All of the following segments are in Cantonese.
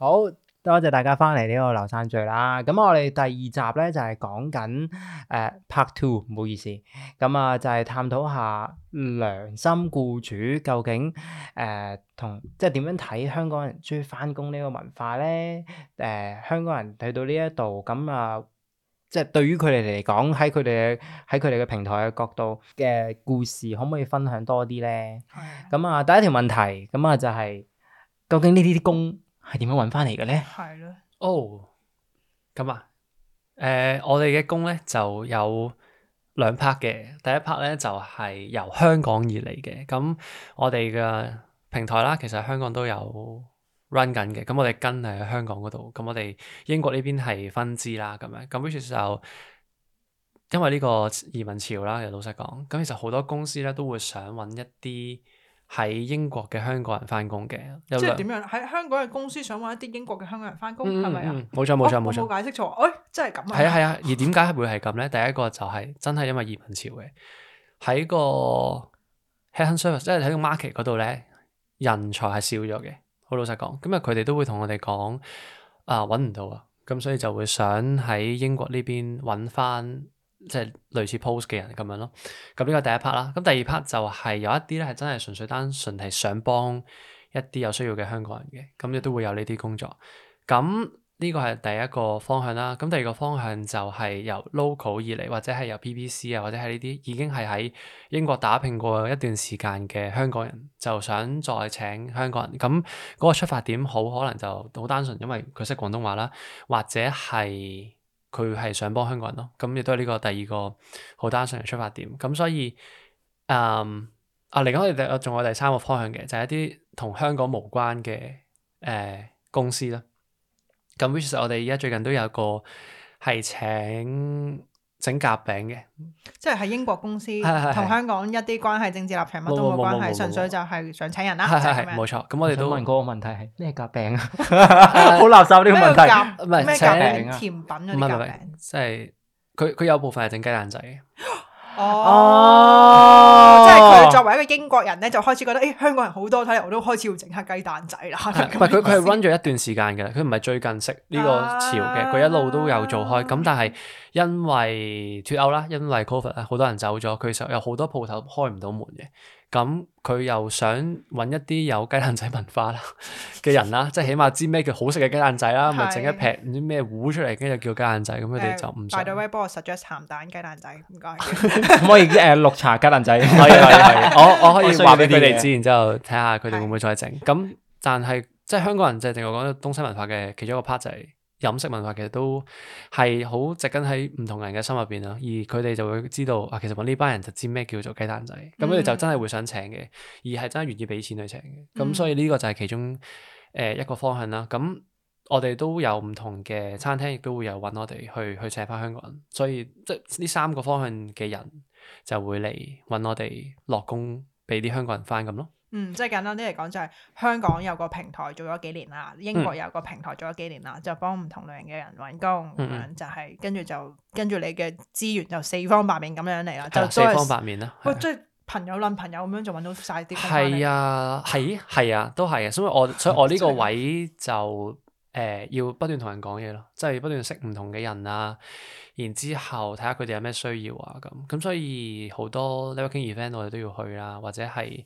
好多謝大家返嚟呢個留散聚啦，咁我哋第二集咧就係講緊誒 Part Two，唔好意思，咁啊就係、是、探討下良心僱主究竟誒、呃、同即係點樣睇香港人中意返工呢個文化咧？誒、呃，香港人睇到呢一度，咁啊即係、就是、對於佢哋嚟講，喺佢哋喺佢哋嘅平台嘅角度嘅故事，可唔可以分享多啲咧？係咁啊，第一條問題，咁啊就係、是、究竟呢啲啲工？係點樣搵翻嚟嘅咧？係咯。哦，咁啊，誒、呃，我哋嘅工咧就有兩 part 嘅。第一 part 咧就係由香港而嚟嘅。咁、嗯、我哋嘅平台啦，其實香港都有 run 緊嘅。咁、嗯、我哋跟係喺香港嗰度。咁、嗯、我哋英國呢邊係分支啦。咁樣咁，which 就因為呢個移民潮啦，其實老實講，咁、嗯、其實好多公司咧都會想搵一啲。喺英國嘅香港人返工嘅，即係點樣？喺香港嘅公司想揾一啲英國嘅香港人返工，係咪啊？冇錯冇錯冇錯，我冇、哦、錯解釋錯、哎、啊！誒，真係咁啊！係啊係啊，而點解會係咁咧？ 第一個就係、是、真係因為移民潮嘅，喺個 human service 即係喺個 market 嗰度咧，人才係少咗嘅。好老實講，今日佢哋都會同我哋講啊揾唔到啊，咁所以就會想喺英國呢邊揾返。即係類似 post 嘅人咁樣咯，咁呢個第一 part 啦。咁第二 part 就係有一啲咧係真係純粹單純係想幫一啲有需要嘅香港人嘅，咁亦都會有呢啲工作。咁呢個係第一個方向啦。咁第二個方向就係由 local 以嚟，或者係由 PPC 啊，或者係呢啲已經係喺英國打拼過一段時間嘅香港人，就想再請香港人。咁嗰個出發點好可能就好單純，因為佢識廣東話啦，或者係。.佢係想幫香港人咯，咁亦都係呢個第二個好單純嘅出發點。咁所以，嗯，啊嚟講，我哋仲有第三個方向嘅，就係、是、一啲同香港無關嘅誒、呃、公司啦。咁其實我哋而家最近都有個係請。整夾餅嘅，即係喺英國公司同香港一啲關係政治立場乜都冇關係，純粹就係想請人啦。係係，冇錯。咁我哋都問嗰個問題係咩夾餅啊？好垃圾呢個問題。咩夾餅？唔係甜品啊？唔係唔係，即係佢佢有部分係整雞蛋仔。Oh, 哦，即係佢作為一個英國人咧，就開始覺得，誒香港人好多，睇我都開始要整下雞蛋仔啦。唔係佢係 run 咗一段時間嘅，佢唔係最近食呢個潮嘅，佢、啊、一路都有做開。咁但係因為脱歐啦，因為 Covid 好多人走咗，佢實有好多鋪頭開唔到門嘅。咁佢、嗯、又想揾一啲有雞蛋仔文化啦嘅人啦，即係起碼知咩叫好食嘅雞蛋仔啦 是，咪整一撇唔知咩糊出嚟，跟住叫雞蛋仔，咁佢哋就唔使。By the way，幫我 suggest 鹹蛋雞蛋仔，唔 該是。可以誒綠茶雞蛋仔，係係係。我我可以話俾佢哋知，然之後睇下佢哋會唔會再整。咁但係即係香港人就淨係淨係講咗東西文化嘅其中一個 part 就係、是。飲食文化其實都係好植根喺唔同人嘅心入邊啦，而佢哋就會知道啊，其實我呢班人就知咩叫做雞蛋仔，咁佢哋就真係會想請嘅，而係真係願意俾錢去請嘅，咁、嗯、所以呢個就係其中誒一個方向啦。咁我哋都有唔同嘅餐廳，亦都會有揾我哋去去請翻香港人，所以即係呢三個方向嘅人就會嚟揾我哋落工，俾啲香港人翻咁咯。嗯，即係簡單啲嚟講，就係香港有個平台做咗幾年啦，英國有個平台做咗幾年啦，嗯、就幫唔同類型嘅人揾工，咁、嗯、樣就係跟住就跟住你嘅資源就四方八面咁樣嚟啦，的就四方八面啦。喂，即係朋友論朋友咁樣就揾到晒啲係啊，係係啊，都係啊。所以我所以我呢個位就誒、 呃、要不斷、就是、同人講嘢咯，即係不斷識唔同嘅人啊，然之後睇下佢哋有咩需要啊咁。咁所以好多 Networking event 我哋都要去啦，或者係。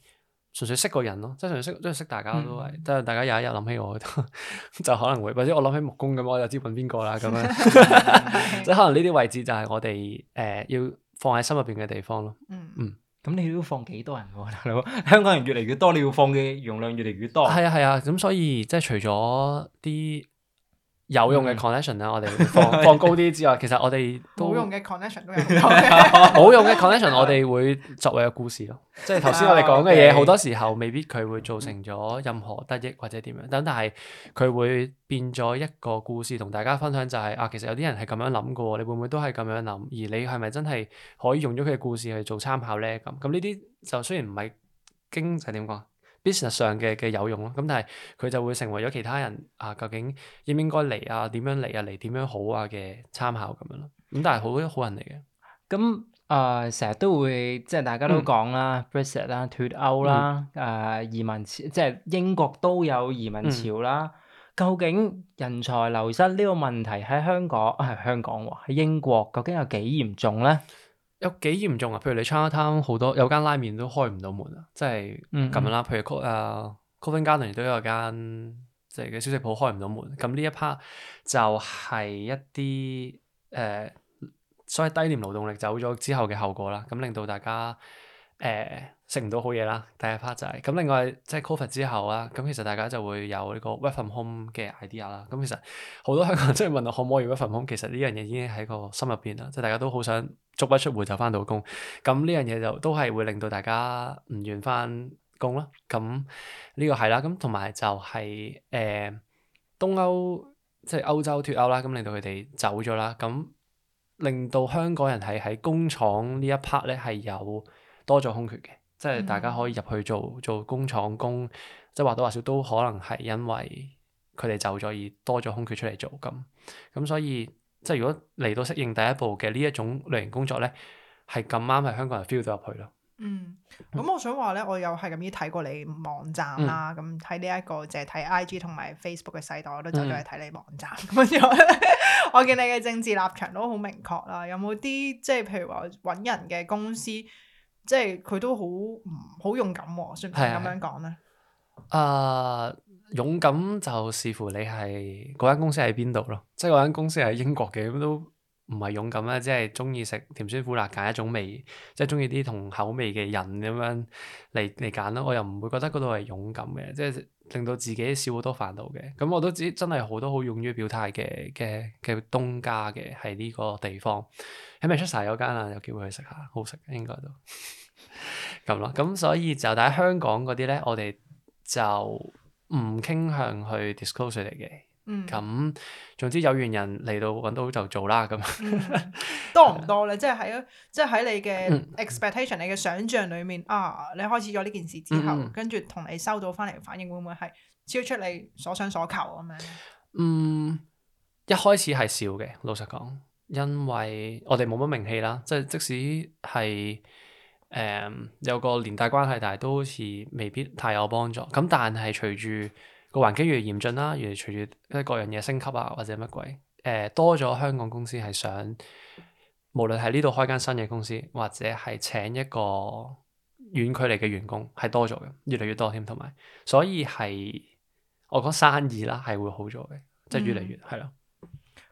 純粹識個人咯，即係純粹識，即係識大家都係，即係、嗯、大家有一日諗起我 就可能會，或者我諗起木工咁，我就知揾邊個啦咁樣。即係、 嗯、 可能呢啲位置就係我哋誒、呃、要放喺心入邊嘅地方咯。嗯，咁、嗯、你要放幾多人㗎、啊？ 香港人越嚟越多，你要放嘅容量越嚟越多。係啊係啊，咁、啊、所以即係除咗啲。有用嘅 c o n n e c t i o n 咧、嗯，我哋會放放高啲之外， 其實我哋都冇用嘅 c o n n e c t i o n 都有好多 冇用嘅 c o n n e c t i o n 我哋會作為一個故事咯。即係頭先我哋講嘅嘢，好、啊 okay、多時候未必佢會造成咗任何得益或者點樣。咁但係佢會變咗一個故事，同大家分享就係、是、啊，其實有啲人係咁樣諗嘅。你會唔會都係咁樣諗？而你係咪真係可以用咗佢嘅故事去做參考咧？咁咁呢啲就雖然唔係經濟點講。business 上嘅嘅有用咯，咁但係佢就會成為咗其他人啊，究竟應唔應該嚟啊？點樣嚟啊？嚟點樣好啊？嘅參考咁樣咯。咁但係好好人嚟嘅。咁啊、嗯，成日都會即係大家都講啦，Brexit 啦，脫歐啦，誒移民潮，即係英國都有移民潮啦。究竟人才流失呢個問題喺香港係香港喎，喺英國究竟有幾嚴重咧？有幾嚴重啊？譬如你 China Town 好多有間拉麵都開唔到門啊，即係咁樣啦。嗯、譬如 Co 啊 Covent Garden 都有一間即係嘅小食鋪開唔到門。咁呢一 part 就係一啲誒、呃，所謂低廉勞動力走咗之後嘅後果啦。咁令到大家誒。呃食唔到好嘢啦，第一 part 就係、是、咁。另外即係 COVID 之後啦，咁其實大家就會有呢個 work from home 嘅 idea 啦。咁其實好多香港人即係問我 可唔可以 work from home，其實呢樣嘢已經喺個心入邊啦。即係大家都好想足不出戶就翻到工，咁呢樣嘢就都係會令到大家唔願翻工啦。咁呢個係啦，咁同埋就係、是、誒、呃、東歐即係歐洲脫歐啦，咁令到佢哋走咗啦，咁令到香港人係喺工廠呢一 part 咧係有多咗空缺嘅。即係、嗯、大家可以入去做做工廠工，即係或多或少都可能係因為佢哋走咗而多咗空缺出嚟做咁。咁所以即係如果嚟到適應第一步嘅呢一種類型工作咧，係咁啱係香港人 feel 到入去咯。嗯，咁我想話咧，我又係咁依睇過你網站啦，咁喺呢一個淨係睇 IG 同埋 Facebook 嘅世代，我都走咗去睇你網站。咁樣、嗯， 我見你嘅政治立場都好明確啦。有冇啲即係譬如話搵人嘅公司？即係佢都好唔好勇敢，哦，算唔算咁樣講咧？誒、啊，勇敢就視乎你係嗰間公司喺邊度咯。即係嗰間公司係英國嘅，咁都唔係勇敢啦。即係中意食甜酸苦辣揀一種味，即係中意啲同口味嘅人咁樣嚟嚟揀咯。我又唔會覺得嗰度係勇敢嘅，即係令到自己少好多煩惱嘅。咁我都知真係好多好勇於表態嘅嘅嘅東家嘅，喺呢個地方。喺 Manchester 有間啊，有機會去食下，該好食應該都咁咯。咁 所以就喺香港嗰啲咧，我哋就唔傾向去 disclosure 嚟嘅。嗯，咁總之有緣人嚟到搵到就做啦。咁、嗯、 多唔多咧？即係喺即係喺你嘅 expectation、嗯、你嘅想象裏面啊！你開始咗呢件事之後，嗯、跟住同你收到翻嚟嘅反應，會唔會係超出你所想所求咁樣？嗯，一開始係少嘅，老實講。因為我哋冇乜名氣啦，即係即使係誒、呃、有個年代關係，但係都好似未必太有幫助。咁但係隨住個環境越嚟越嚴峻啦，越嚟越隨住即係各樣嘢升級啊，或者乜鬼誒、呃、多咗香港公司係想無論係呢度開間新嘅公司，或者係請一個遠距離嘅員工係多咗嘅，越嚟越多添，同埋所以係我講生意啦係會好咗嘅，即係越嚟越係咯。嗯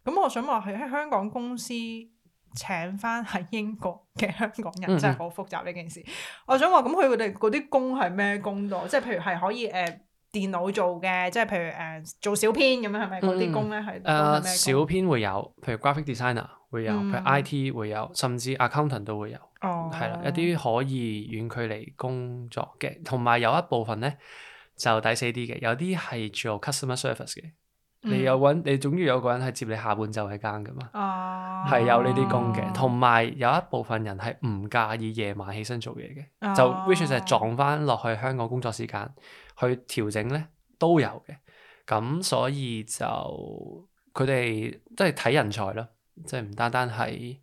咁我想話係喺香港公司請返喺英國嘅香港人、嗯、真係好複雜呢件事。嗯、我想話咁佢哋嗰啲工係咩工多？即係譬如係可以誒、呃、電腦做嘅，即係譬如誒、呃、做小編咁樣係咪？嗰啲、嗯、工咧係誒小編會有，譬如 graphic designer 會有，嗯、譬如 IT 會有，甚至 accountant 都會有。哦，係啦，一啲可以遠距離工作嘅，同埋有，有一部分咧就抵死啲嘅，有啲係做 customer service 嘅。你有揾你總要有個人係接你下半晝喺更㗎嘛？係、啊、有呢啲工嘅，同埋、嗯、有一部分人係唔介意夜晚起身做嘢嘅。啊、就 which 就係撞翻落去香港工作時間去調整咧都有嘅。咁所以就佢哋即係睇人才咯，即係唔單單係誒、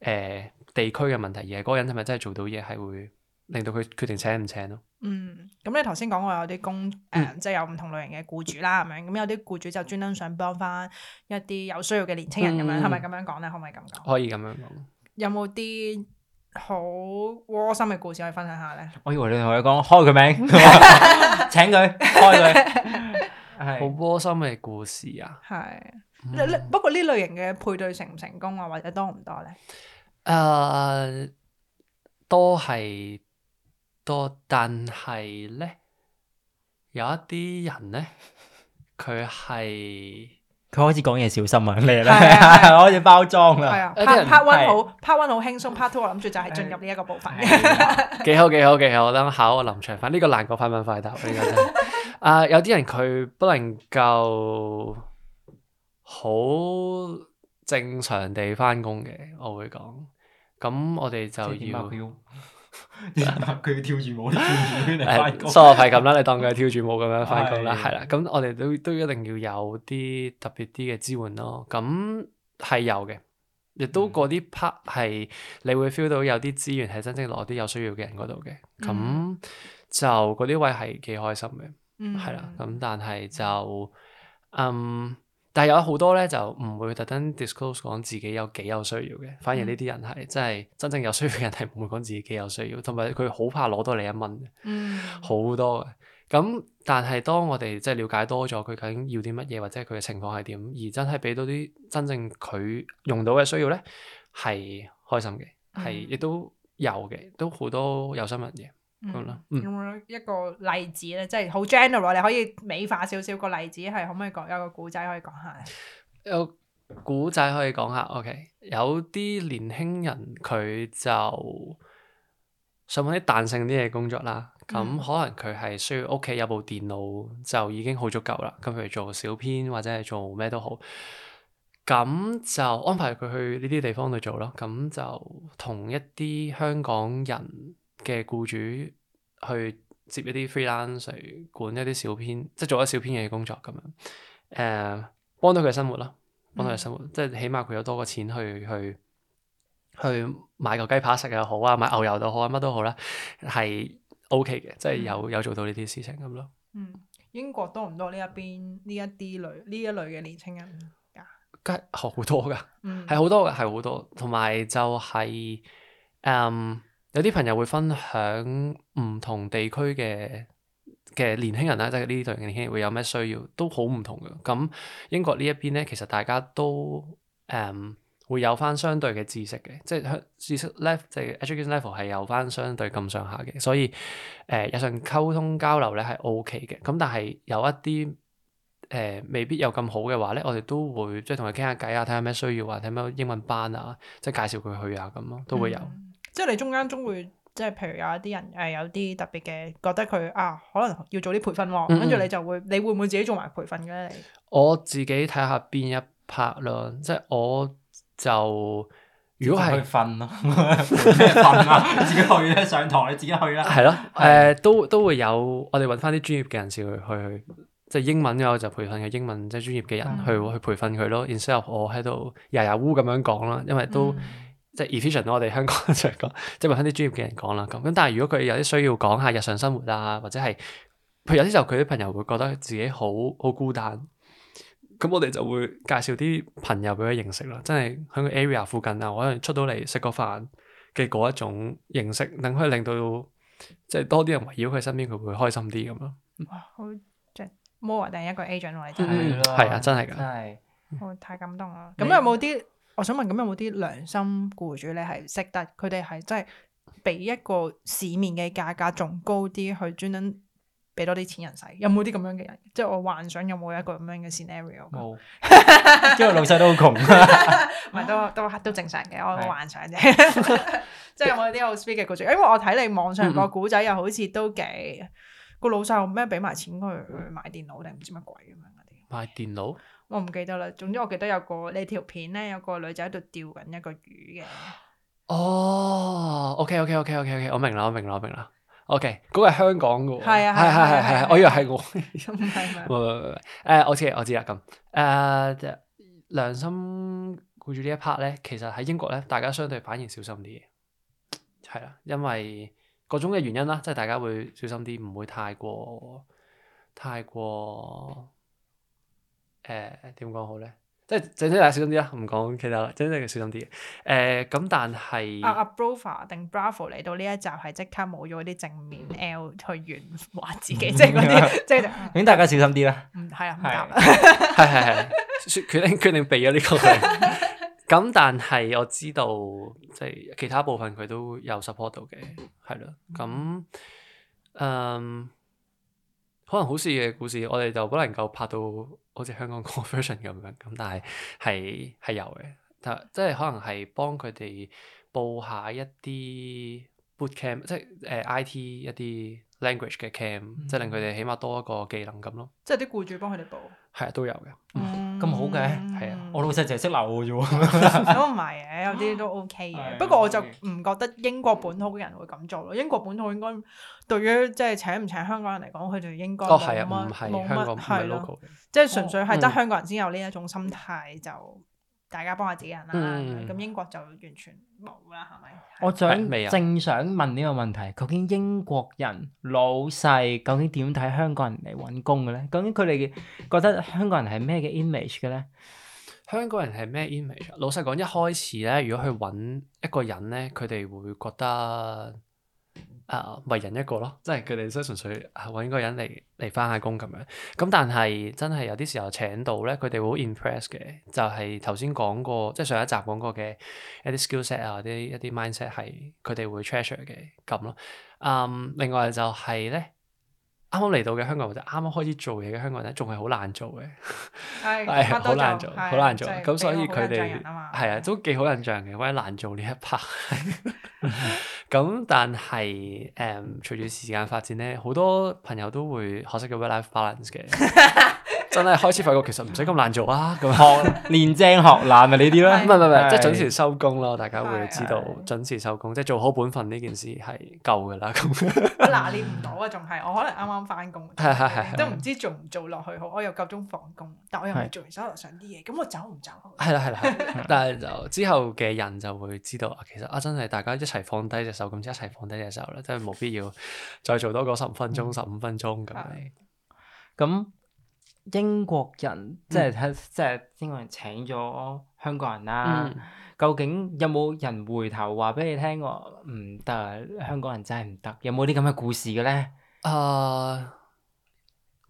呃、地區嘅問題而，而係嗰人係咪真係做到嘢，係會令到佢決定請唔請咯。嗯，咁你頭先講過有啲公誒，即係有唔同類型嘅僱主啦，咁樣，咁有啲僱主就專登想幫翻一啲有需要嘅年輕人咁樣，係咪咁樣講咧？可唔可以咁講？可以咁樣講。有冇啲好窩心嘅故事可以分享下咧？我以為你同佢講開佢名，請佢開佢，好窩心嘅故事啊！係。不過呢類型嘅配對成唔成功啊，或者多唔多咧？誒，都係。多，但係咧，有一啲人咧，佢係佢開始講嘢小心啊，你咧開始包裝啦。係啊，part one 好，part one 好輕鬆，part two 我諗住就係進入呢一個部分。幾是的 好，幾好，幾好，我諗考個臨場翻，呢、這個難過快問快答呢個真。啊， uh, 有啲人佢不能夠好正常地返工嘅，我會講。咁我哋就要。佢 跳住舞， 跳住嚟翻工。所以係咁啦，你當佢係跳住舞咁樣翻工啦，係啦。咁、哎、我哋都都一定要有啲特別啲嘅支援咯。咁係有嘅，亦都嗰啲 part 係你會 feel 到有啲資源係真正落啲有需要嘅人嗰度嘅。咁就嗰啲位係幾開心嘅，係啦、嗯。咁但係就嗯。但係有好多咧就唔會特登 disclose 講自己有幾有需要嘅，反而呢啲人係真係真正有需要嘅人係唔會講自己幾有需要，同埋佢好怕攞多你一蚊，好、嗯、多嘅。咁但係當我哋即係了解多咗佢究竟要啲乜嘢，或者佢嘅情況係點，而真係俾到啲真正佢用到嘅需要咧，係開心嘅，係亦、嗯、都有嘅，都好多有心人嘅。好啦，咁、嗯嗯、一個例子咧，即係好 general，你可以美化少少個例子，係可唔可以講有個古仔可以講下？有古仔可以講下，OK。有啲年輕人佢就想揾啲彈性啲嘅工作啦，咁、嗯、可能佢係需要屋企有部電腦就已經好足夠啦。咁佢做小編或者係做咩都好，咁就安排佢去呢啲地方去做咯。咁就同一啲香港人。嘅僱主去接一啲 freelancer 管一啲小編，即係做一啲小編嘅工作咁樣，誒、呃，幫到佢嘅生活咯，幫到佢生活，嗯、即係起碼佢有多個錢去去去買個雞扒食又好啊，買牛油都好啊，乜都好啦，係 OK 嘅，即係有有做到呢啲事情咁咯。嗯，英國多唔多呢一邊呢一啲類呢一類嘅年輕人啊？梗係好多噶，係好、嗯、多嘅，係好多，同埋就係、是、誒。嗯有啲朋友會分享唔同地區嘅嘅年輕人咧，即係呢度嘅年輕人會有咩需要，都好唔同嘅。咁英國邊呢一邊咧，其實大家都誒、嗯、會有翻相對嘅知識嘅，即係知識即係 education level 係有翻相對咁上下嘅。所以誒日常溝通交流咧係 O K 嘅。咁但係有一啲誒、呃、未必有咁好嘅話咧，我哋都會即係同佢傾下偈啊，睇下咩需要啊，睇咩英文班啊，即係介紹佢去啊咁咯，都會有。嗯即係你中間中會，即係譬如有一啲人誒、呃，有啲特別嘅，覺得佢啊，可能要做啲培訓，跟住、嗯、你就會，你會唔會自己做埋培訓嘅咧？我自己睇下邊一 part 咯，即係我就如果係訓咯，咩訓啊？自己去啦、 啊， 上堂你自己去啦。係咯，誒、呃， 都都會有，我哋搵翻啲專業嘅人士去去，即係英文嘅就培訓嘅英文，即係專業嘅人去去，去培訓佢咯。然之後我喺度日日烏咁樣講啦，因為都。 即係 efficient 咯，我哋香港 就講，即係問翻啲專業嘅人講啦。咁咁，但係如果佢有啲需要講下日常生活啊，或者係，佢有啲時候佢啲朋友會覺得自己好好孤單，咁我哋就會介紹啲朋友俾佢認識啦。真係喺個 area 附近啊，我可能出到嚟食個飯嘅嗰一種認識，等可以令到即係多啲人圍繞佢身邊，佢會開心啲咁咯。哇，嗯、好即係 more 定係一個 agent 嚟睇、嗯，係、嗯、啊，啊真係㗎，真係是，我太感動啦。咁你 有冇啲你？我想問，咁有冇啲良心僱主咧，係識得佢哋係真係俾一個市面嘅價格仲高啲去專登俾多啲錢人使？有冇啲咁樣嘅人？嗯、即係我幻想有冇一個咁樣嘅 scenario？冇、嗯， 因為老細都好窮，唔係 都都都正常嘅，我幻想啫。是 即係有冇啲好 sweet 嘅僱主？因為我睇你網上個古仔又好似都幾個、嗯嗯、老細有咩俾埋錢佢買電腦定唔知乜鬼咁樣嗰啲買電腦。我唔記得啦，總之我記得有個呢條片咧，有個女仔喺度釣緊一個魚嘅。哦，OK OK OK OK OK，我明啦，我明啦，我明啦。OK，嗰個係香港嘅喎。係一啊，係係係係，我以為係我。唔係唔係唔係，誒，我知我知啦，咁誒良心攰住呢一 part 咧，其實喺英國咧，大家相對反而小心啲嘅，係啦、啊，因為各種嘅原因啦，即係大家會小心啲，唔會太過太過。誒，點講好咧？即係正大家小心啲啦，唔講其他啦，正正嘅小心啲誒，咁但係阿阿 Brother 定 Brova 嚟到呢一集係即刻冇咗啲正面 L 去圓話自己，即係嗰啲，即係。咁大家小心啲啦。嗯，係啊，唔夾啦。係係係，決定決定避咗呢個佢。咁但係我知道，即係其他部分佢都有 support 到嘅，係咯。咁，嗯，可能好事嘅故事，我哋就不能夠拍到。好似香港 conversion 咁樣，咁但係，係，係有嘅，但即係可能係幫佢哋報下一啲 boot camp，即係，誒、呃、IT 一啲 language 嘅 camp、嗯、即係令佢哋起碼多一個技能咁咯。即係啲僱主幫佢哋報。係啊，都有嘅，咁、嗯、好嘅，係啊，我老細淨係識留嘅啫喎，咁唔係嘅，有啲都 OK 嘅，不過我就唔覺得英國本土嘅人會咁做咯，英國本土應該對於即係請唔請香港人嚟講，佢哋應該，哦係啊，唔係香港，唔係 local 嘅，即係純粹係得香港人先有呢一種心態就。大家幫下自己人啦，咁、嗯、英國就完全冇啦，係咪？我想正想問呢個問題，究竟英國人老細究竟點睇香港人嚟揾工嘅咧？究竟佢哋覺得香港人係咩嘅 image 嘅咧？香港人係咩 image？老實講，一開始咧，如果去揾一個人咧，佢哋會覺得。誒為、uh，人一個咯，即係佢哋即係純粹搵個人嚟嚟返下工咁樣。咁但係真係有啲時候請到咧，佢哋會好 impress 嘅，就係頭先講過，即係上一集講過嘅一啲 skillset 啊，啲一啲 mindset 係佢哋會 treasure 嘅咁咯。嗯，另外就係咧。啱啱嚟到嘅香港人咧，啱啱開始做嘢嘅香港人咧，仲係好難做嘅，係好難做，好難做。咁所以佢哋係啊，都幾好印象嘅，或者難做呢一 part。咁但係，誒，隨住時間發展咧，好多朋友都會學識嘅。Work life balance 嘅？真係開始發覺其實唔使咁難做啊！咁學練精學懶啊呢啲咯，唔係唔係，即係準時收工咯。大家會知道準時收工，即係做好本分呢件事係夠噶啦。咁嗱，你唔到啊，仲係我可能啱啱翻工，係係係，都唔知做唔做落去好。我又夠鐘放工，但我又未做完手頭上啲嘢，咁我走唔走？係啦係啦，但係就之後嘅人就會知道啊，其實啊，真係大家一齊放低隻手，咁一齊放低隻手啦，真係冇必要再做多個十五分鐘、十五分鐘咁樣。咁英國人、嗯、即係即係英國人請咗香港人啦、啊，嗯、究竟有冇人回頭話俾你聽過唔得？香港人真係唔得，有冇啲咁嘅故事嘅咧？啊、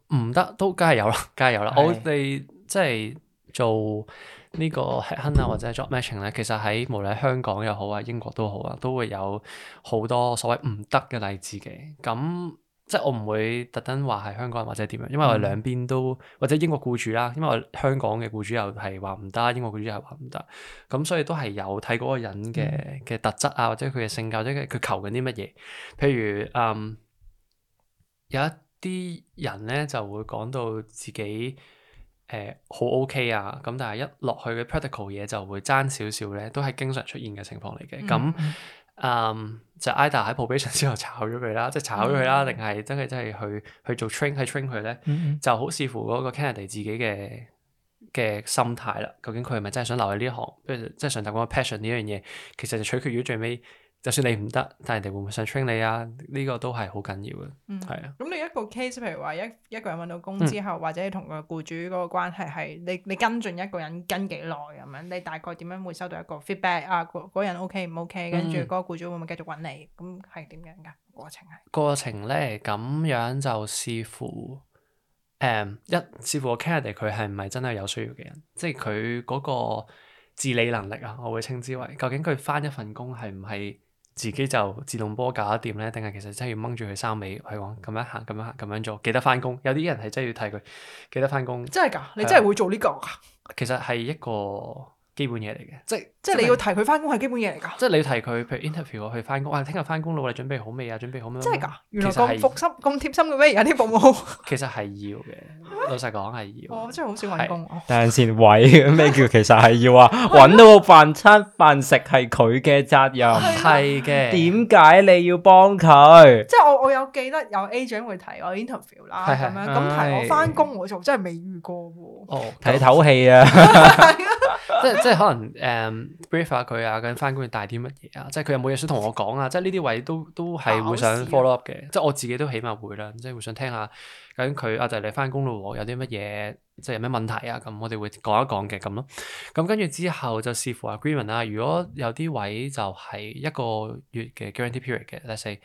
呃，唔得都梗係有啦，梗係有啦。是我哋即係做呢個 head hunt 啊，或者 job matching 咧，其實喺無論香港又好啊，英國都好啊，都會有好多所謂唔得嘅例子嘅。咁即係我唔會特登話係香港人或者點樣，因為我兩邊都或者英國雇主啦，因為我香港嘅雇主又係話唔得，英國雇主又係話唔得，咁所以都係有睇嗰個人嘅嘅特質啊，或者佢嘅性格，或者佢求緊啲乜嘢。譬如嗯，有一啲人咧就會講到自己誒好、呃、OK 啊，咁但係一落去嘅 practical 嘢就會爭少少咧，都係經常出現嘅情況嚟嘅。咁、嗯嗯，就 IDA 喺 probation 之後炒咗佢啦，即係炒咗佢啦，定係真係真係去去做 train 去 train 佢咧，就好視乎嗰個 candidate 自己嘅嘅心態啦。究竟佢係咪真係想留喺呢行？即係即係上頭講嘅 passion 呢樣嘢，其實就取決於最尾。就算你唔得，但係人哋會唔會想 train 你啊？呢、這個都係好緊要嘅，係、嗯、啊。咁、嗯、你一個 case，譬如話一一個人搵到工之後，或者你同個僱主嗰個關係係你你跟進一個人跟幾耐咁樣，你大概點樣會收到一個 feedback 啊？嗰、嗰人 O K 唔 O K，跟住嗰個僱主會唔會繼續搵你？咁係點樣嘅過程係？過程咧咁樣就視乎，誒、um, 一視乎我 candidate 佢係唔係真係有需要嘅人，即係佢嗰個自理能力啊，我會稱之為、嗯、究竟佢翻一份工係唔係？自己就自動波搞得掂咧，定係其實真係要掹住佢衫尾去講咁樣行、咁樣行、咁樣做，記得返工。有啲人係真係要睇佢記得返工，真係㗎，你真係會做呢個？嗯，其實係一個基本嘢嚟嘅，即係即係你要提佢翻工係基本嘢嚟噶。即係你要提佢，譬如 interview 佢翻工啊，聽日翻工咯，你準備好未啊？準備好咩？真係噶，原來咁服心咁貼心嘅咩？而家啲服務其實係要嘅，老實講係要。我真係好少揾工。等陣先，喂，咩叫其實係要啊？揾到個飯餐飯食係佢嘅責任，係嘅。點解你要幫佢？即係我我有記得有 agent 會提我 interview 啦，咁樣咁提我翻工我做真係未遇過喎。哦，睇唞氣啊。即係即係可能誒 brief、um, 下佢啊，究竟翻工要帶啲乜嘢啊？即係佢有冇嘢想同我講啊？即係呢啲位都都係會想 follow up 嘅。 即係我自己都起碼會啦，即係會想聽下究竟佢啊，就係你翻工咯，有啲乜嘢即係有咩問題啊？咁我哋會講一講嘅咁咯。咁跟住之後就視乎 agreement 啦、啊。如果有啲位就係一個月嘅 guarantee period 嘅 let's say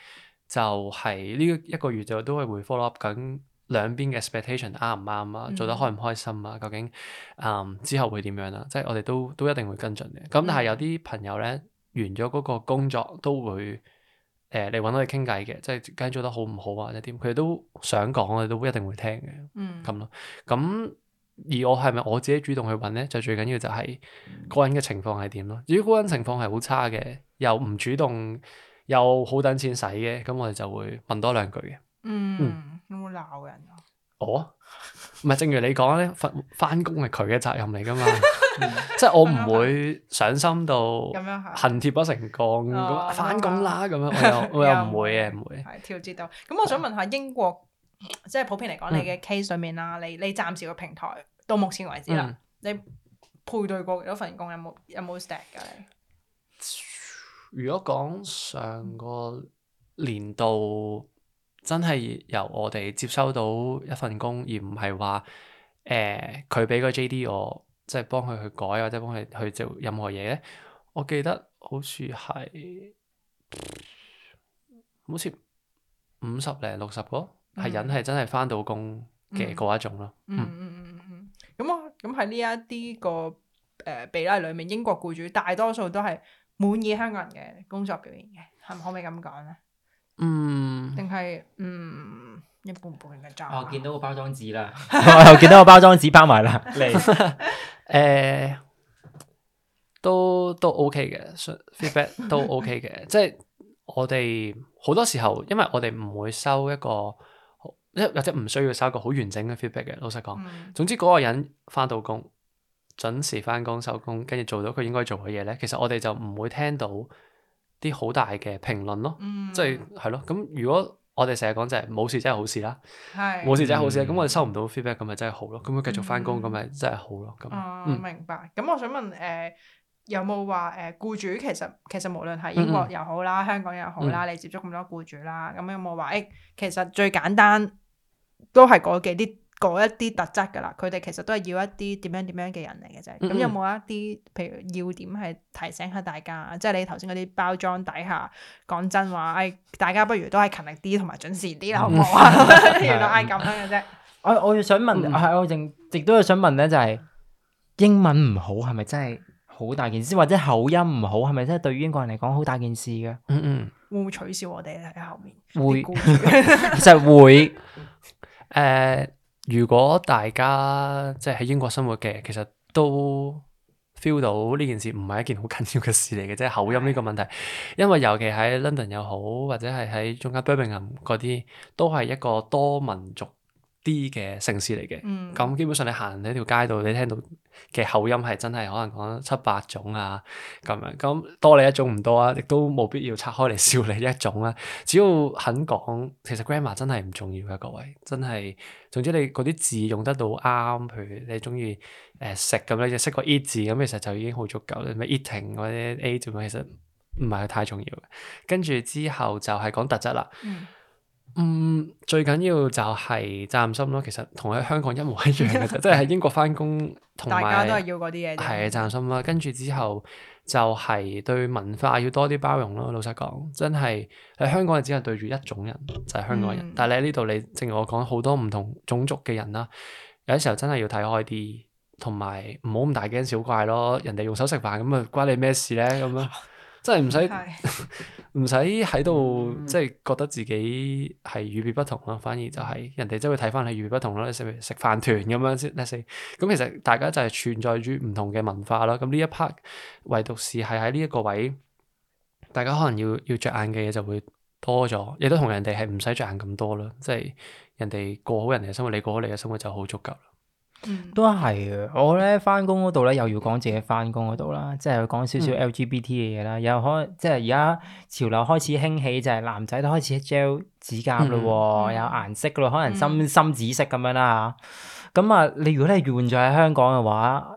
就係、是、呢一個月就都係會 follow up 緊。兩邊嘅 expectation 啱唔啱啊？對對，嗯、做得開唔開心啊？究竟啊、嗯、之後會點樣啊？即係我哋都都一定會跟進嘅。咁但係有啲朋友咧，完咗嗰個工作都會誒嚟揾我哋傾偈嘅。即係最近做得好唔好啊？或者點？佢哋都想講我哋都一定會聽嘅。咁咯、嗯。咁而我係咪我自己主動去揾咧？就最緊要就係個人嘅情況係點咯。如果個人情況係好差嘅，又唔主動，又好等錢使嘅，咁我哋就會問多兩句嘅。嗯，有冇鬧人啊？我唔係，正如你講咧，翻翻工係佢嘅責任嚟噶嘛，即係我唔會上心到，咁樣係恨鐵不成鋼，翻工啦咁樣，我又我又唔會嘅，唔會。係調節到，咁我想問下英國，即係普遍嚟講，你嘅 case 上面啦，你你暫時個平台到目前為止啦，你配對過幾多份工，有冇有冇 stack 噶？如果講上個年度。真係由我哋接收到一份工，而唔係話誒佢俾個 JD 我，即係幫佢去改或者幫佢去做任何嘢咧。我記得好似係好似五十零六十個係、嗯、人係真係返到工嘅嗰一種咯。嗯嗯嗯嗯嗯。咁啊、嗯，咁喺呢一啲個誒、呃、比例裏面，英國僱主大多數都係滿意香港人嘅工作表現嘅，係咪可唔可以咁講咧？嗯，定係嗯，一半半嘅裝、啊。我見到個包裝紙啦，我又見到個包裝紙包埋啦。嚟，誒，都都 OK 嘅，feedback 都 OK 嘅。 即係我哋好多時候，因為我哋唔會收一個一或者唔需要收一個好完整嘅 feedback 嘅。老實講，嗯、總之嗰個人翻到工，準時翻工收工，跟住做到佢應該做嘅嘢咧，其實我哋就唔會聽到啲好大嘅評論咯，嗯、即係係咯。咁如果我哋成日講就係、是、冇事真係好事啦，冇是事真係好事咁、嗯、我哋收唔到 feedback，咁咪真係好咯。咁佢繼續返工，咁咪、嗯、真係好咯。咁，明白。咁我想問誒、呃，有冇話誒僱主其實其實無論係英國又好啦，香港又好啦，嗯、你接觸咁多僱主啦，咁、嗯、有冇話誒，其實最簡單都係嗰幾啲。嗰一啲特質噶啦，佢哋其實都係要一啲點樣點樣嘅人嚟嘅啫。咁有冇一啲譬如要點係提醒下大家？嗯、即係你頭先嗰啲包裝底下，講真話，哎，大家不如都係勤力啲，同埋準時啲啦，好唔好啊？嗯、 原來係咁、嗯哎、樣嘅啫。我我要想問，係、嗯、我亦都有想問咧、就是，就係英文唔好係咪真係好大件事？或者口音唔好係咪真係對於英國人嚟講好大件事嘅？嗯嗯，會唔會取笑我哋咧？喺後面會， 其實會誒。呃如果大家即係喺英國生活嘅，其實都 feel 到呢件事唔係一件好緊要嘅事嚟嘅，即係口音呢個問題，因為尤其喺 London 又好，或者係喺中間 Birmingham 嗰啲，都係一個多民族。啲嘅城市嚟嘅，咁、嗯、基本上你行喺條街度，你聽到嘅口音係真係可能講七八種啊，咁樣咁多你一種唔多啊，亦都冇必要拆開嚟笑你一種啦、啊。只要肯講，其實 grammar 真係唔重要嘅，各位真係。總之你嗰啲字用得到啱，譬如你中意誒食咁，你就識個 eat 字咁，其實就已經好足夠啦。咩 eating 或者 a 字其實唔係太重要嘅。跟住之後就係講特質啦。嗯嗯，最緊要就係賺心咯，其實同喺香港一模一樣嘅，即係喺英國翻工同埋，大家都係要嗰啲嘢。係責任心啦，跟住之後就係對文化要多啲包容咯。老實講，真係喺香港你只係對住一種人，就係、是、香港人。嗯、但係你喺呢度，你正如我講，好多唔同種族嘅人啦，有啲時候真係要睇開啲，同埋唔好咁大驚小怪咯。人哋用手食飯咁啊，關你咩事咧？咁啊。 即係唔使唔使喺度，即係覺得自己係與別不同咯。反而就係、是、人哋即係會睇翻你與別不同咯。你食食飯團咁樣先。咁其實大家就係存在於唔同嘅文化啦。咁呢一 part 唯獨是係喺呢一個位，大家可能要要著眼嘅嘢就會多咗，亦都同人哋係唔使着眼咁多咯。即係人哋過好人哋嘅生活，你過好你嘅生活就好足夠。都係啊！我咧翻工嗰度咧又要講自己翻工嗰度啦，即係講少少 LGBT 嘅嘢啦。嗯、又可能即係而家潮流開始興起，就係、一、男仔都開始 gel 指甲嘞，嗯嗯、有顏色噶咯，可能深深紫色咁樣啦。咁、嗯啊,嗯、啊，你如果你係換在喺香港嘅話，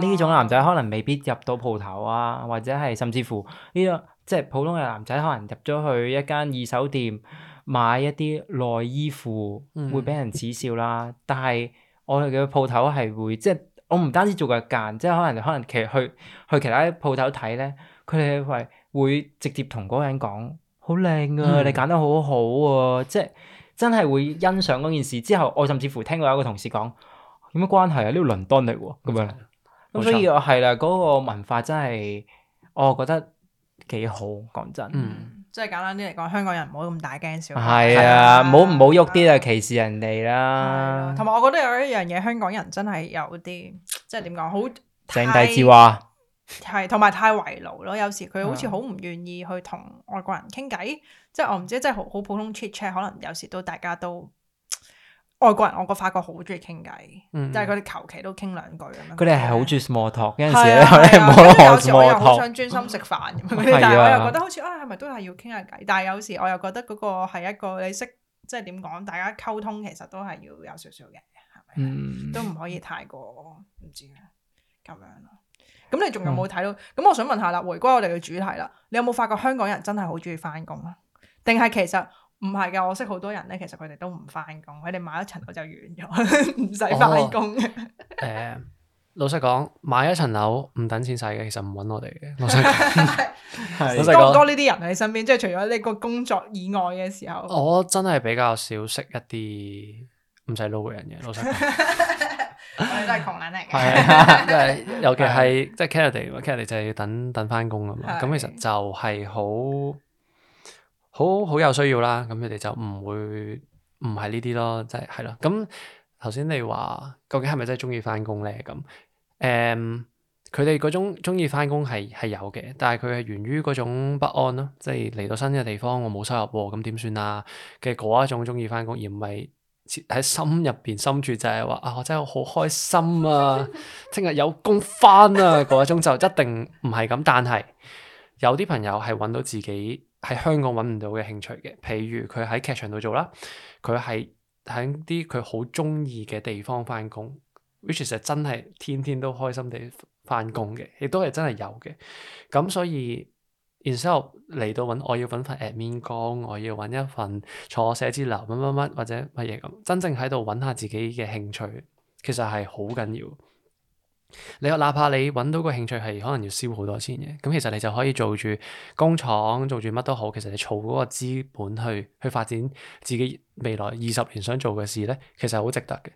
呢種男仔可能未必入到鋪頭啊，或者係甚至乎呢個即係普通嘅男仔，可能入咗去一間二手店買一啲內衣褲，嗯、會俾人恥笑啦。但係，我哋嘅鋪頭係會，即係我唔單止做一個間，即係可能可能其實去去其他鋪頭睇咧，佢哋係會直接同嗰個人講，好靚啊！你揀得好好啊！」嗯、即係真係會欣賞嗰件事。之後我甚至乎聽過有一個同事講，有咩關係啊？呢度倫敦嚟喎，咁錯樣咁，錯所以係啦，嗰、嗰個文化真係我覺得幾好，講真。嗯即係簡單啲嚟講，香港人唔好咁大驚小怪。係啊，唔好唔好喐啲啊，歧視人哋啦。同埋、嗯、我覺得有一樣嘢，香港人真係有啲即係點講，好井底之蛙係，同埋太遺老咯。有時佢好似好唔願意去同外國人傾偈、嗯。即係我唔知，即係好好普通 chit chat，可能有時都大家都。外國人，我發覺法國好中意傾偈，嗯、但係佢哋求其都傾兩句咁樣。佢哋係好中意 small talk，有陣時有時我又好想專心食飯，但係我又覺得好似啊，係、哎、咪都係要傾下偈？但係有時我又覺得嗰個係一個你識，即係點講，大家溝通其實都係要有少少嘅，係咪？嗯、都唔可以太過唔知咁樣咯。咁你仲有冇睇到？咁、嗯、我想問下啦，回歸我哋嘅主題啦，你有冇發覺香港人真係好中意返工啊？定係其實？唔係噶，我識好多人咧，其實佢哋都唔翻工，佢哋買一層樓就完咗，唔使翻工。誒，老實講，買一層樓唔等錢使嘅，其實唔揾我哋嘅。老實講， 老實講，多唔多呢啲人喺身邊？即係除咗呢個工作以外嘅時候， 我, 時候我真係比較少識一啲唔使撈嘅人嘅。老實講， 我哋都係窮卵嚟嘅，即係尤其係即係 Canada，Canada 就係要等等翻工咁嘛。咁其實就係好。Hands 好好有需要啦，咁佢哋就唔會唔係呢啲咯，即係係咯。咁頭先你話究竟係咪真係鍾意返工咧？咁、嗯、誒，佢哋嗰種鍾意返工係係有嘅，但係佢係源於嗰種不安咯，即係嚟到新嘅地方我冇收入，咁點算啊？嘅嗰一種鍾意返工，而唔係喺心入邊心住就係話啊，我真係好開心啊，聽日有工返啊嗰一種就一定唔係咁。但係有啲朋友係揾到自己。喺香港揾唔到嘅興趣嘅，譬如佢喺劇場度做啦，佢係喺啲佢好中意嘅地方返工 ，which 其實真係天天都開心地返工嘅，亦都係真係有嘅。咁所以，然之後嚟到揾，我要揾份 admin 工，我要揾一份坐寫字樓乜乜乜或者乜嘢咁，真正喺度揾下自己嘅興趣，其實係好緊要。你話哪怕你搵到個興趣係可能要燒好多錢嘅，咁其實你就可以做住工廠做住乜都好，其實你儲嗰個資本去去發展自己未來二十年想做嘅事咧，其實好值得嘅，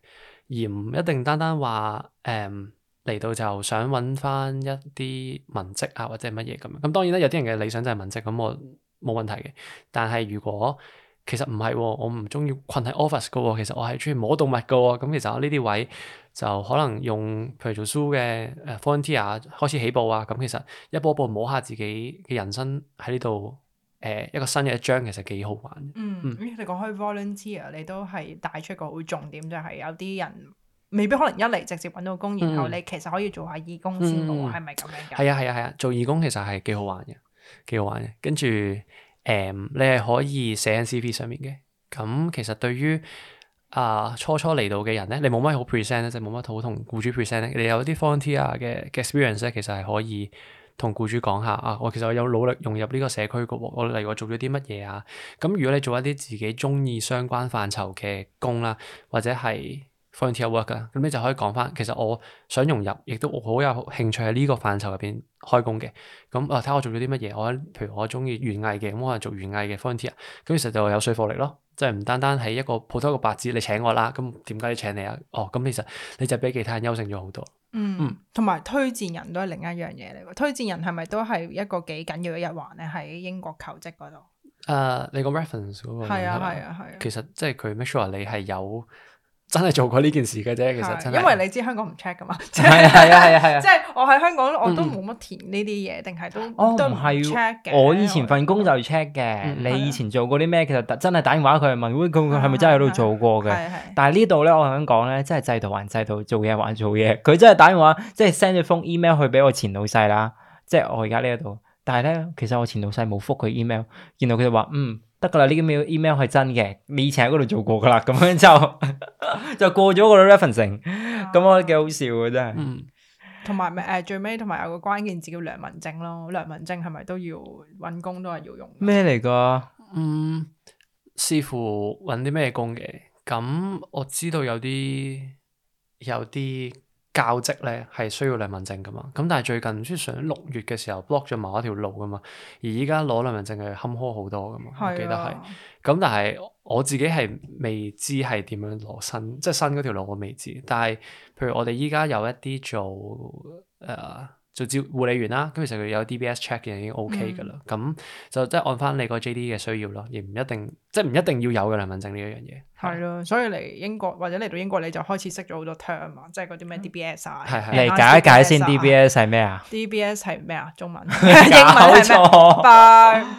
而唔一定單單話誒嚟到就想搵翻一啲文職啊或者乜嘢咁樣。咁當然啦，有啲人嘅理想就係文職，咁我冇問題嘅。但係如果，其實唔係喎，我唔中意困喺 office 嘅喎，其實我係中意摸動物嘅喎、哦。咁其實我呢啲位就可能用，譬如做書嘅誒 volunteer 開始起步啊。咁其實一步一步摸下自己嘅人生喺呢度誒一個新嘅一章，其實幾好玩。嗯，嗯你講開 volunteer，你都係帶出個好重點，就係、是、有啲人未必可能一嚟直接揾到工，嗯、然後你其實可以做下義工先好，係咪咁樣？係啊係啊係啊，做義工其實係幾好玩嘅，幾好玩嘅，跟住、啊。誒，um, 你係可以寫喺 CV 上面嘅。咁、嗯、其實對於啊、呃、初初嚟到嘅人咧，你冇乜好 present 咧，即係冇乜好同僱主 present，你有啲 volunteer 嘅 experience 咧，其實係可以同僱主講下啊。我其實我有努力融入呢個社區嘅。我嚟我做咗啲乜嘢啊。咁、嗯、如果你做一啲自己中意相關範疇嘅工啦，或者係。volunteer work 噶，咁你就可以講返，其實我想融入，亦都好有興趣喺呢個範疇入邊開工嘅。咁、嗯、啊，睇我做咗啲乜嘢，我譬如我中意園藝嘅，咁我能做園藝嘅 volunteer，咁其實就有說服力咯。即係唔單單係一個普通一個白紙，你請我啦。咁點解要請你啊？哦，咁其實你就比其他人優勝咗好多。嗯，同埋、嗯、推薦人都係另一樣嘢嚟。推薦人係咪都係一個幾緊要嘅一環咧？喺英國求職嗰度。誒、uh，你講 reference 嗰個係啊，係啊，係、啊。啊、其實即係佢 make sure 你係有。真係做過呢件事嘅啫，其實，真係因為你知香港唔 check 噶嘛，係啊係啊係啊，即係我喺香港我都冇乜填呢啲嘢，定係都都唔係 check 嘅。我以前份工就 check 嘅，嗯、你以前做過啲咩？其實真係打電話佢問，會佢佢係咪真係喺度做過嘅？哦、但係呢度咧，我想講咧，真係制度還制度，做嘢還做嘢。佢真係打電話，即係 send 咗封 email 去俾我前老細啦。即係我而家呢度，但係咧，其實我前老細冇覆佢 email，然後佢就話嗯。得噶啦，呢個 email 係真嘅，你以前喺嗰度做過噶啦，咁樣就就過咗個 reference，咁我覺得幾好笑啊，真係。嗯，同埋咪誒，最尾同埋有個關鍵字叫良民證咯，良民證係咪都要揾工都係要用？咩嚟噶？嗯，視乎揾啲咩工嘅，咁我知道有啲有啲。教職咧係需要兩文證噶嘛，咁但係最近即係上六月嘅時候 block 咗某一條路噶嘛，而依家攞兩文證係坎坷好多噶嘛，啊、我記得係，咁但係我自己係未知係點樣攞新，即係新嗰條路我未知，但係譬如我哋依家有一啲做誒。呃做只護理員啦，跟住其實佢有 D B S check 嘅已經 OK 嘅啦。咁就即係按翻你個 J D 嘅需要咯，亦唔一定即係唔一定要有嘅良民證呢一樣嘢。係咯，所以嚟英國或者嚟到英國你就開始識咗好多 term 啊，即係嗰啲咩 D B S 啊。係係，嚟解一解先，D B S 係咩啊？D B S 係咩啊？中文？英文？錯。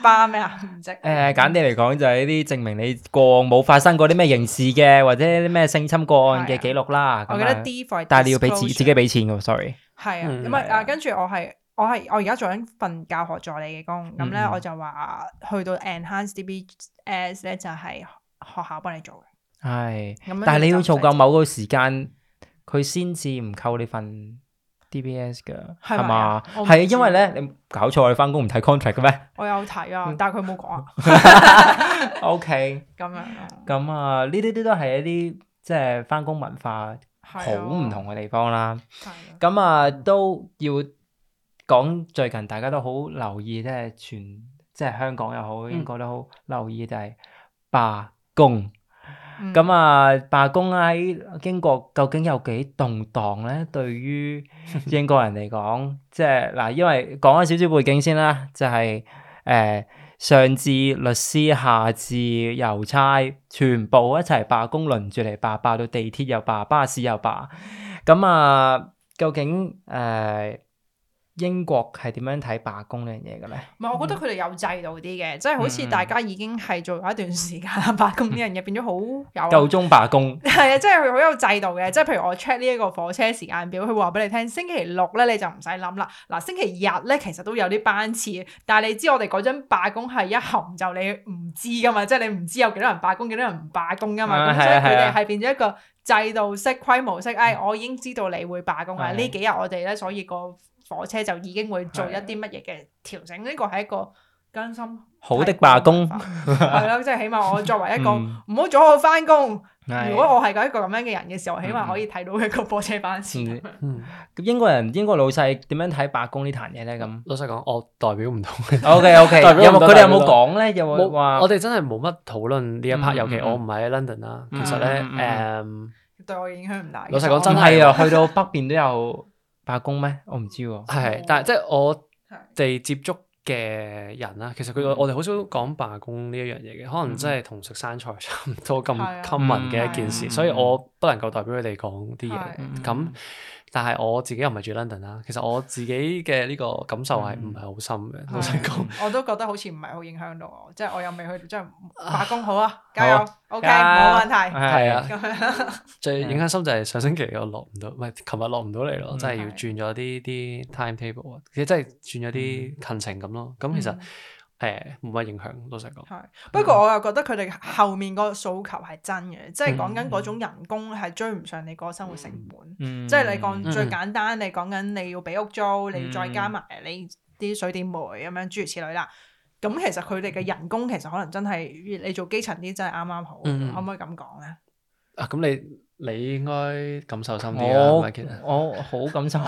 辦咩啊？面積。誒，簡單嚟講就係呢啲證明你個冇發生過啲咩刑事嘅或者啲咩性侵個案嘅記錄啦。我覺得 D，但係你要俾自自己俾錢嘅喎，sorry。係、嗯、啊，咁啊，跟住我係我係我、嗯、而家做緊份教學助理嘅工，咁咧我就話去到 Enhanced DBS 咧就係學校幫你做嘅。係，但係你要做夠某個時間，佢先至唔扣你份 DBS 噶，係嘛？係啊，因為咧你搞錯，你翻工唔睇 contract 嘅咩？我、right、我有睇啊，但係佢冇講啊。OK，咁樣。咁啊，呢啲啲都係一啲即係翻工文化。好唔同嘅地方啦，咁的啊都要講，最近大家都好留意，即係全，即係香港又好，英國都好，留意就係罷工，咁、嗯、啊罷工喺英國究竟有幾動盪咧？對於英國人嚟講，即係嗱，因為講翻少少背景先啦，就係、是、誒。呃上至律師，下至郵差，全部一齊罷工，輪住嚟罷，罷到地鐵又罷，巴士又罷，咁啊，究竟誒？呃英國係點樣睇罷工呢樣嘢嘅咧？唔係、嗯，我覺得佢哋有制度啲嘅，嗯、即係好似大家已經係做咗一段時間罷工呢樣嘢，變咗好夠鐘罷工係啊，即係佢好有制度嘅。即係譬如我 check 呢一個火車時間表，佢話俾你聽，星期六咧你就唔使諗啦。嗱，星期日咧其實都有啲班次，但係你知我哋嗰張罷工係一含就你唔知噶嘛，即係你唔知有幾多人罷工，幾多人唔罷工噶嘛。咁、嗯嗯、所以佢哋係變咗一個制度式規模式。哎、呃，我已經知道你會罷工啦，幾呢幾日我哋咧，所以、那個。火車就已經會做一啲乜嘢嘅調整？呢個係一個更新。好的罷工係咯，即係起碼我作為一個唔好阻我翻工。如果我係一個咁樣嘅人嘅時候，起碼可以睇到佢個火車班次。英國人、英國老細點樣睇罷工呢壇嘢咧？咁老實講，我代表唔到。O K O K，有冇佢哋有冇講咧？有冇話我哋真係冇乜討論呢一 part。尤其我唔喺 London 啦，其實咧，誒，對我影響唔大。老實講，真係啊，去到北邊都有。罷工咩？我唔知喎、啊。係，但係即係我哋接觸嘅人啦，的其實佢我哋好少講罷工呢一樣嘢嘅，可能真係同食生菜差唔多咁 common 嘅一件事，嗯、所以我不能夠代表佢哋講啲嘢。咁的那但係我自己又唔係住 London 啦，其實我自己嘅呢個感受係唔係好深嘅，我想講。我都覺得好似唔係好影響到我，即係我又未去，即係罷工好啊，加油，OK 冇問題，係啊。最影響心就係上星期我落唔到，唔係琴日落唔到嚟咯，真係要轉咗啲啲 timetable 啊，而且真係轉咗啲近程咁咯，咁其實。誒，冇乜影響，老實講。係。的嗯、不過我又覺得佢哋後面個訴求係真嘅，即係講緊嗰種人工係追唔上你個生活成本。嗯、即係你講、嗯、最簡單，你講緊你要俾屋租，嗯、你再加埋你啲水電煤咁樣諸如此類啦。咁其實佢哋嘅人工其實可能真係、嗯、你做基層啲真係啱啱好，嗯、可唔可以咁講咧？啊，咁你？你應該感受深啲啊！我我好感受啊！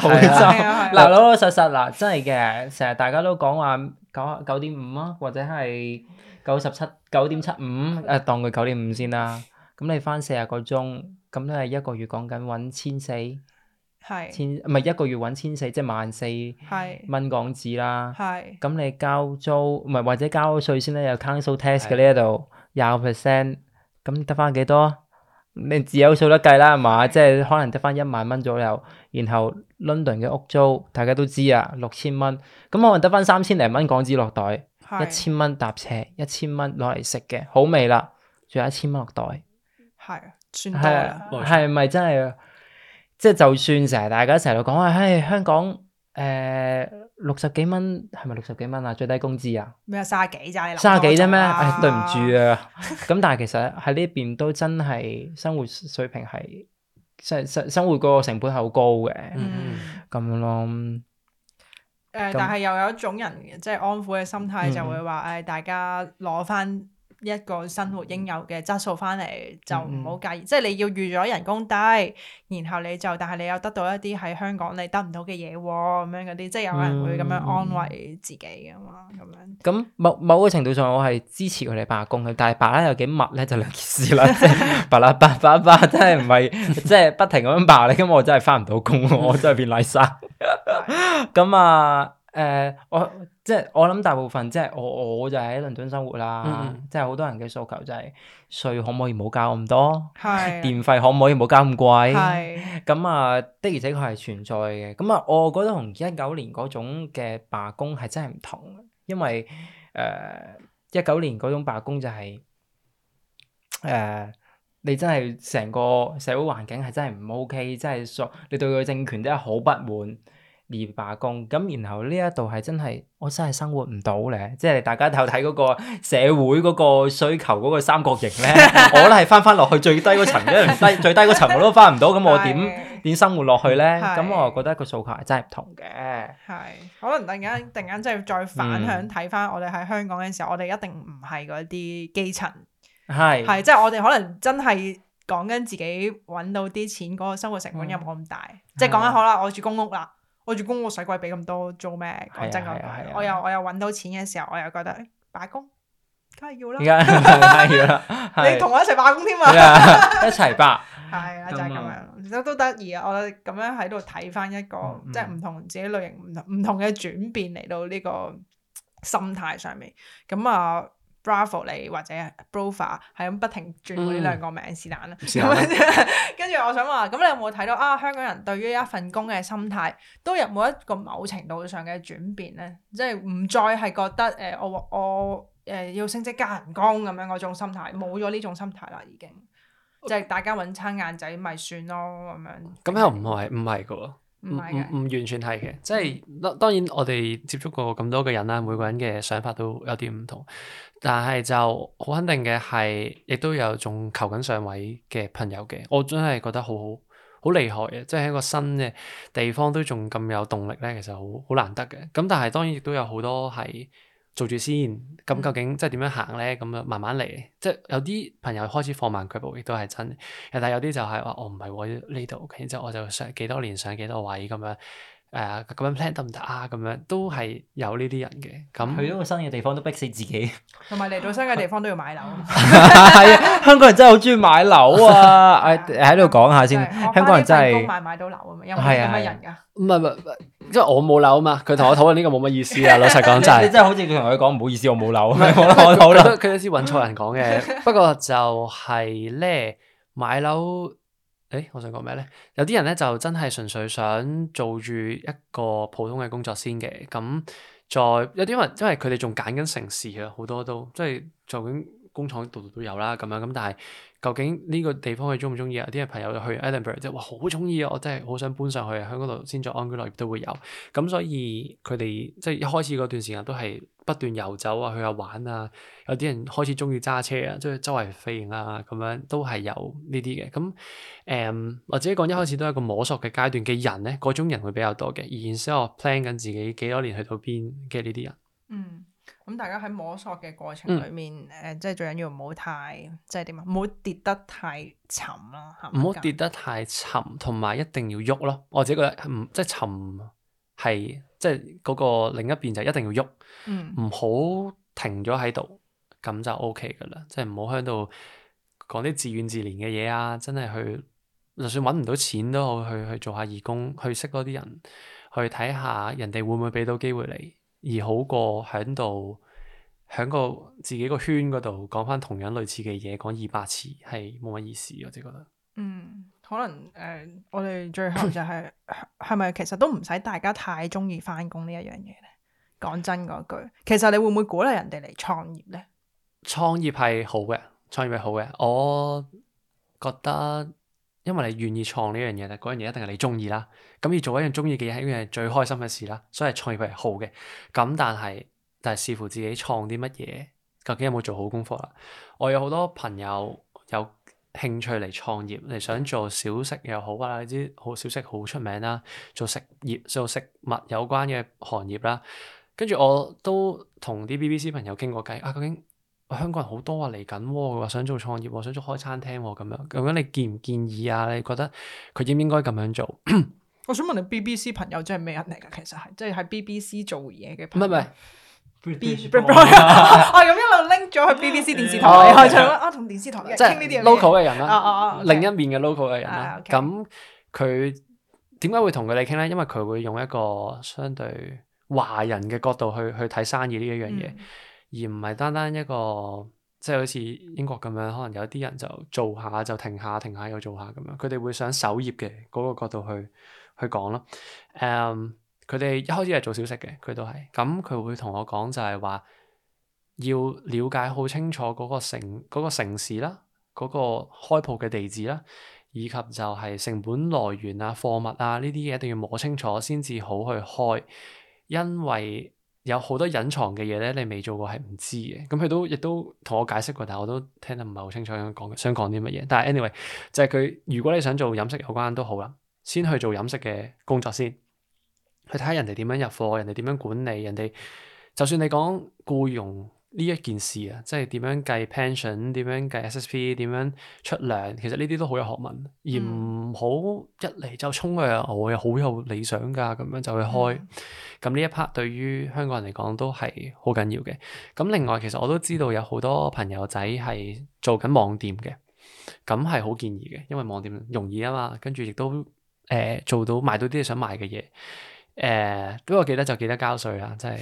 嗱，老老實實嗱，真係嘅，成日大家都講話九九點五啊，或者係九十七九點七五，誒，當佢九點五先啦。咁你翻四啊個鐘，咁都係一個月講緊揾千四，係千唔係一個月揾千四，即係萬四蚊港紙啦。係咁你交租唔係或者交咗稅先咧，有 council tax 嘅呢一度廿 percent，咁得翻幾多？你自有數得計啦，係嘛？即係可能得翻一萬蚊左右，然後 London 嘅屋租大家都知啊，六千蚊。咁可能得翻三千零蚊港紙落袋是一，一千蚊搭車，一千蚊攞嚟食嘅，好味啦！仲有一千蚊落袋，係、啊，係咪真係？即係就算成日大家成日都講話，唉，香港。誒，六十幾蚊係咪六十幾蚊啊？最低工資啊？咩啊？三十幾咋？三十幾啫咩？誒，對唔住啊。咁但係其實喺呢邊都真係生活水平係，生生生活嗰個成本係好高嘅。咁樣、嗯、咯。誒、嗯，嗯、但係又有一種人，即係安撫嘅心態，就會話誒，嗯、大家攞翻。一個生活應有嘅質素翻嚟就唔好介意，嗯嗯即係你要預咗人工低，然後你就但係你又得到一啲喺香港你得唔到嘅嘢喎，咁樣嗰啲即係有人會咁樣安慰自己噶嘛，咁樣。咁、嗯嗯、某某個程度上，我係支持佢哋罷工嘅，但係罷啦有幾密咧，就兩件事啦， 即係罷啦罷罷罷，真係唔係即係不停咁樣罷你。咁 我真係翻唔到工，我真係變拉沙。咁 啊， 誒對、呃，我，我即係我諗大部分，即係我我就喺倫敦生活啦。即係好多人嘅訴求就係稅可唔可以唔好交咁多，的電費可唔可以唔好交咁貴。咁啊，的而且確係存在嘅。咁啊，我覺得同一九年嗰種嘅罷工係真係唔同，因為誒一九年嗰種罷工就係、是、誒、呃、你真係成個社會環境係真係唔 OK，真係所你對佢政權真係好不滿。而罷工咁，然後呢一度係真係，我真係生活唔到咧。即係大家睇睇嗰個社會嗰個需求嗰個三角形咧，time, 我咧係翻翻落去最低嗰層，因為低最低嗰層我都翻唔到，咁我點點生活落去咧？咁我又覺得個數據係真係唔同嘅。係可能突然間突然間即係再反響睇翻我哋喺香港嘅時候，我哋一定唔係嗰啲基層，係係即係我哋可能真係講緊自己搵到啲錢，嗰個生活成本又冇咁大。即係講緊好啦，我住公屋啦。我住公屋使鬼俾咁多做咩？講真講、啊啊，我又我又揾到錢嘅時候，我又覺得罷、哎、工梗係要啦， 你同我一齊罷工添啊, 啊！一齊罷，係、 哎就係嗯、啊，就係咁樣，其實都得意啊！我咁樣喺度睇翻一個，嗯嗯、即係唔同自己類型唔唔同嘅轉變嚟到呢個心態上面，咁啊。Bravo 你或者 Brova 係咁不停轉呢兩個名是但啦，跟住我想話，咁你有冇睇到啊？香港人對於一份工嘅心態都有冇一個某程度上嘅轉變咧，即係唔再係覺得誒、呃、我我誒、呃、要升職加人工咁樣嗰種心態，冇咗呢種心態啦，已經即係、嗯、大家搵餐晏仔咪算咯咁樣。咁、嗯、又唔係唔係嘅。唔唔唔，完全係嘅，即係當當然我哋接觸過咁多個人啦，每個人嘅想法都有啲唔同，但係就好肯定嘅係，亦都有仲求緊上位嘅朋友嘅。我真係覺得好好好厲害嘅，即係喺一個新嘅地方都仲咁有動力咧，其實好好難得嘅。咁但係當然亦都有好多係。做住先，咁究竟即係點樣行咧？咁樣慢慢嚟，即係有啲朋友開始放慢腳步，亦都係真。但係有啲就係、是、話：我唔係喎，呢度，然之後我就上幾多年，上幾多位咁樣。誒，咁樣 plan 得唔得啊？咁樣都係有呢啲人嘅，咁去到個新嘅地方都逼死自己，同埋嚟到新嘅地方都要買樓。係啊，香港人真係好鍾意買樓啊！誒，喺度講下先，香港人真係買買到樓啊，因為點解人噶？唔係唔唔，即係我冇樓啊嘛。佢同我討論呢個冇乜意思啊，老實講真。你真係好似佢同佢講，唔好意思，我冇樓，我我討啦。佢有啲揾錯人講嘅，不過就係咧買樓。誒、哎，我想講咩咧？有啲人咧就真係純粹想做住一個普通嘅工作先嘅，咁再有啲人，因為佢哋仲揀緊城市啊，好多都即係究竟工廠度度都有啦，咁樣咁，但係。究竟呢個地方佢中唔中意啊？有啲人朋友去 Edinburgh 即係話好中意啊！我真係好想搬上去，喺嗰度先做安居樂業都會有。咁所以佢哋即係一開始嗰段時間都係不斷遊走啊，去下玩啊。有啲人開始中意揸車啊，即係周圍飛啊咁樣都，都係有呢啲嘅。咁、嗯、誒，我自己講一開始都係一個摸索嘅階段嘅人咧，嗰種人會比較多嘅。而然之後 plan 緊自己幾多年去到邊嘅呢啲人。嗯。咁大家喺摸索嘅過程裏面，誒、嗯，即係最緊要唔好太，即係點啊？唔好跌得太沉啦，唔好跌得太沉，同埋一定要喐咯。我自己覺得，唔即係沉係，即係嗰個另一邊就一定要喐，唔好、嗯、停咗喺度，咁就 O K 噶啦。即係唔好喺度講啲自怨自憐嘅嘢啊！真係去，就算揾唔到錢都好，去去做下義工，去識多啲人，去睇下人哋會唔會俾到機會你。而好過喺度喺個自己個圈嗰度講返同樣類似嘅嘢，講二百次，係冇乜意思，我覺得。嗯，可能誒、呃，我哋最後就係係咪其實都唔使大家太鍾意返工呢一樣嘢咧？講真嗰句，其實你會唔會鼓勵人哋嚟創業咧？創業係好嘅，創業係好嘅，我覺得。因為你願意創呢樣嘢咧，嗰樣嘢一定係你中意啦。咁要做一樣中意嘅嘢，係一樣最開心嘅事啦。所以創業係好嘅。咁但係，但係視乎自己創啲乜嘢，究竟有冇做好功課啦。我有好多朋友有興趣嚟創業，你想做小食又好啊，你知好小食好出名啦，做食業、做食物有關嘅行業啦。跟住我都同啲 BBC 朋友傾過偈，啊究竟？香港人好多啊，嚟緊喎，佢話想做創業，想做開餐廳咁樣，咁樣你建唔建議啊？你覺得佢應唔應該咁樣做？我想問你，BBC 朋友即係咩人嚟㗎？其實係即係喺 BBC 做嘢嘅，朋友唔係唔係。啊，咁一路拎咗去 BBC 電視台，啊同電視台嘅人。local 嘅人啦，另一面嘅 local 嘅人啦。咁佢點解會同佢哋傾咧？因為佢會用一個相對華人嘅角度去去睇生意呢一樣嘢。而唔係單單一個即係好似英國咁樣，可能有啲人就做下就停下停下又做下咁樣，佢哋會想守業嘅嗰個角度去去講咯。誒，佢哋一開始係做小食嘅，佢都係咁，佢會同我講就係話要了解好清楚嗰個城嗰個城市啦，嗰個開鋪嘅地址啦，以及就係成本來源啊、貨物啊呢啲嘢一定要摸清楚先至好去開，因為，有好多隱藏嘅嘢咧，你未做過係唔知嘅。咁佢都亦都同我解釋過，但係我都聽得唔係好清楚想講想講啲乜嘢。但係 anyway，就係佢如果你想做飲食有關都好啦，先去做飲食嘅工作先，去睇下人哋點樣入貨，人哋點樣管理，人哋就算你講僱傭。呢一件事啊，即係點樣計 pension，點樣計 SSP，點樣出糧，其實呢啲都好有學問，而唔好一嚟就衝嘅，我係好有理想噶，咁樣就去開。咁呢、嗯、一 part 對於香港人嚟講都係好緊要嘅。咁另外其實我都知道有好多朋友仔係做緊網店嘅，咁係好建議嘅，因為網店容易啊嘛，跟住亦都誒做到買到啲想買嘅嘢。誒，不過記得就記得交稅啦，真係，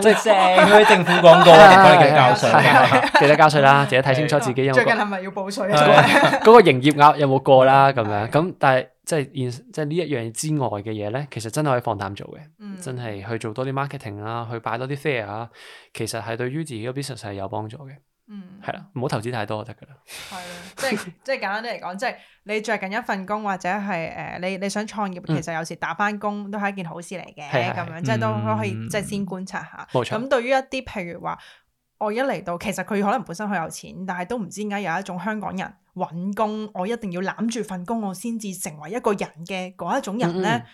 即係成個政府廣告啦，記得交稅，記得交稅啦，記得睇清楚自己有，最近係咪要報稅嗰個營業額有冇過啦？咁樣咁，但係即係現即係呢一樣之外嘅嘢咧，其實真係可以放膽做嘅，真係去做多啲 marketing 啊，去擺多啲 fair 啊，其實係對於自己個 business 係有幫助嘅。嗯，係啦，唔好投資太多就得噶啦。係咯，即係即係簡單啲嚟講，即係 你做緊一份工，或者係誒、呃、你你想創業，嗯、其實有時打返工都係一件好事嚟嘅，咁樣、嗯、即係都可以即係、嗯、先觀察下。冇錯。咁對於一啲譬如話，我一嚟到，其實佢可能本身好有錢，但係都唔知點解有一種香港人揾工，我一定要攬住份工，我先至成為一個人嘅嗰一種人咧。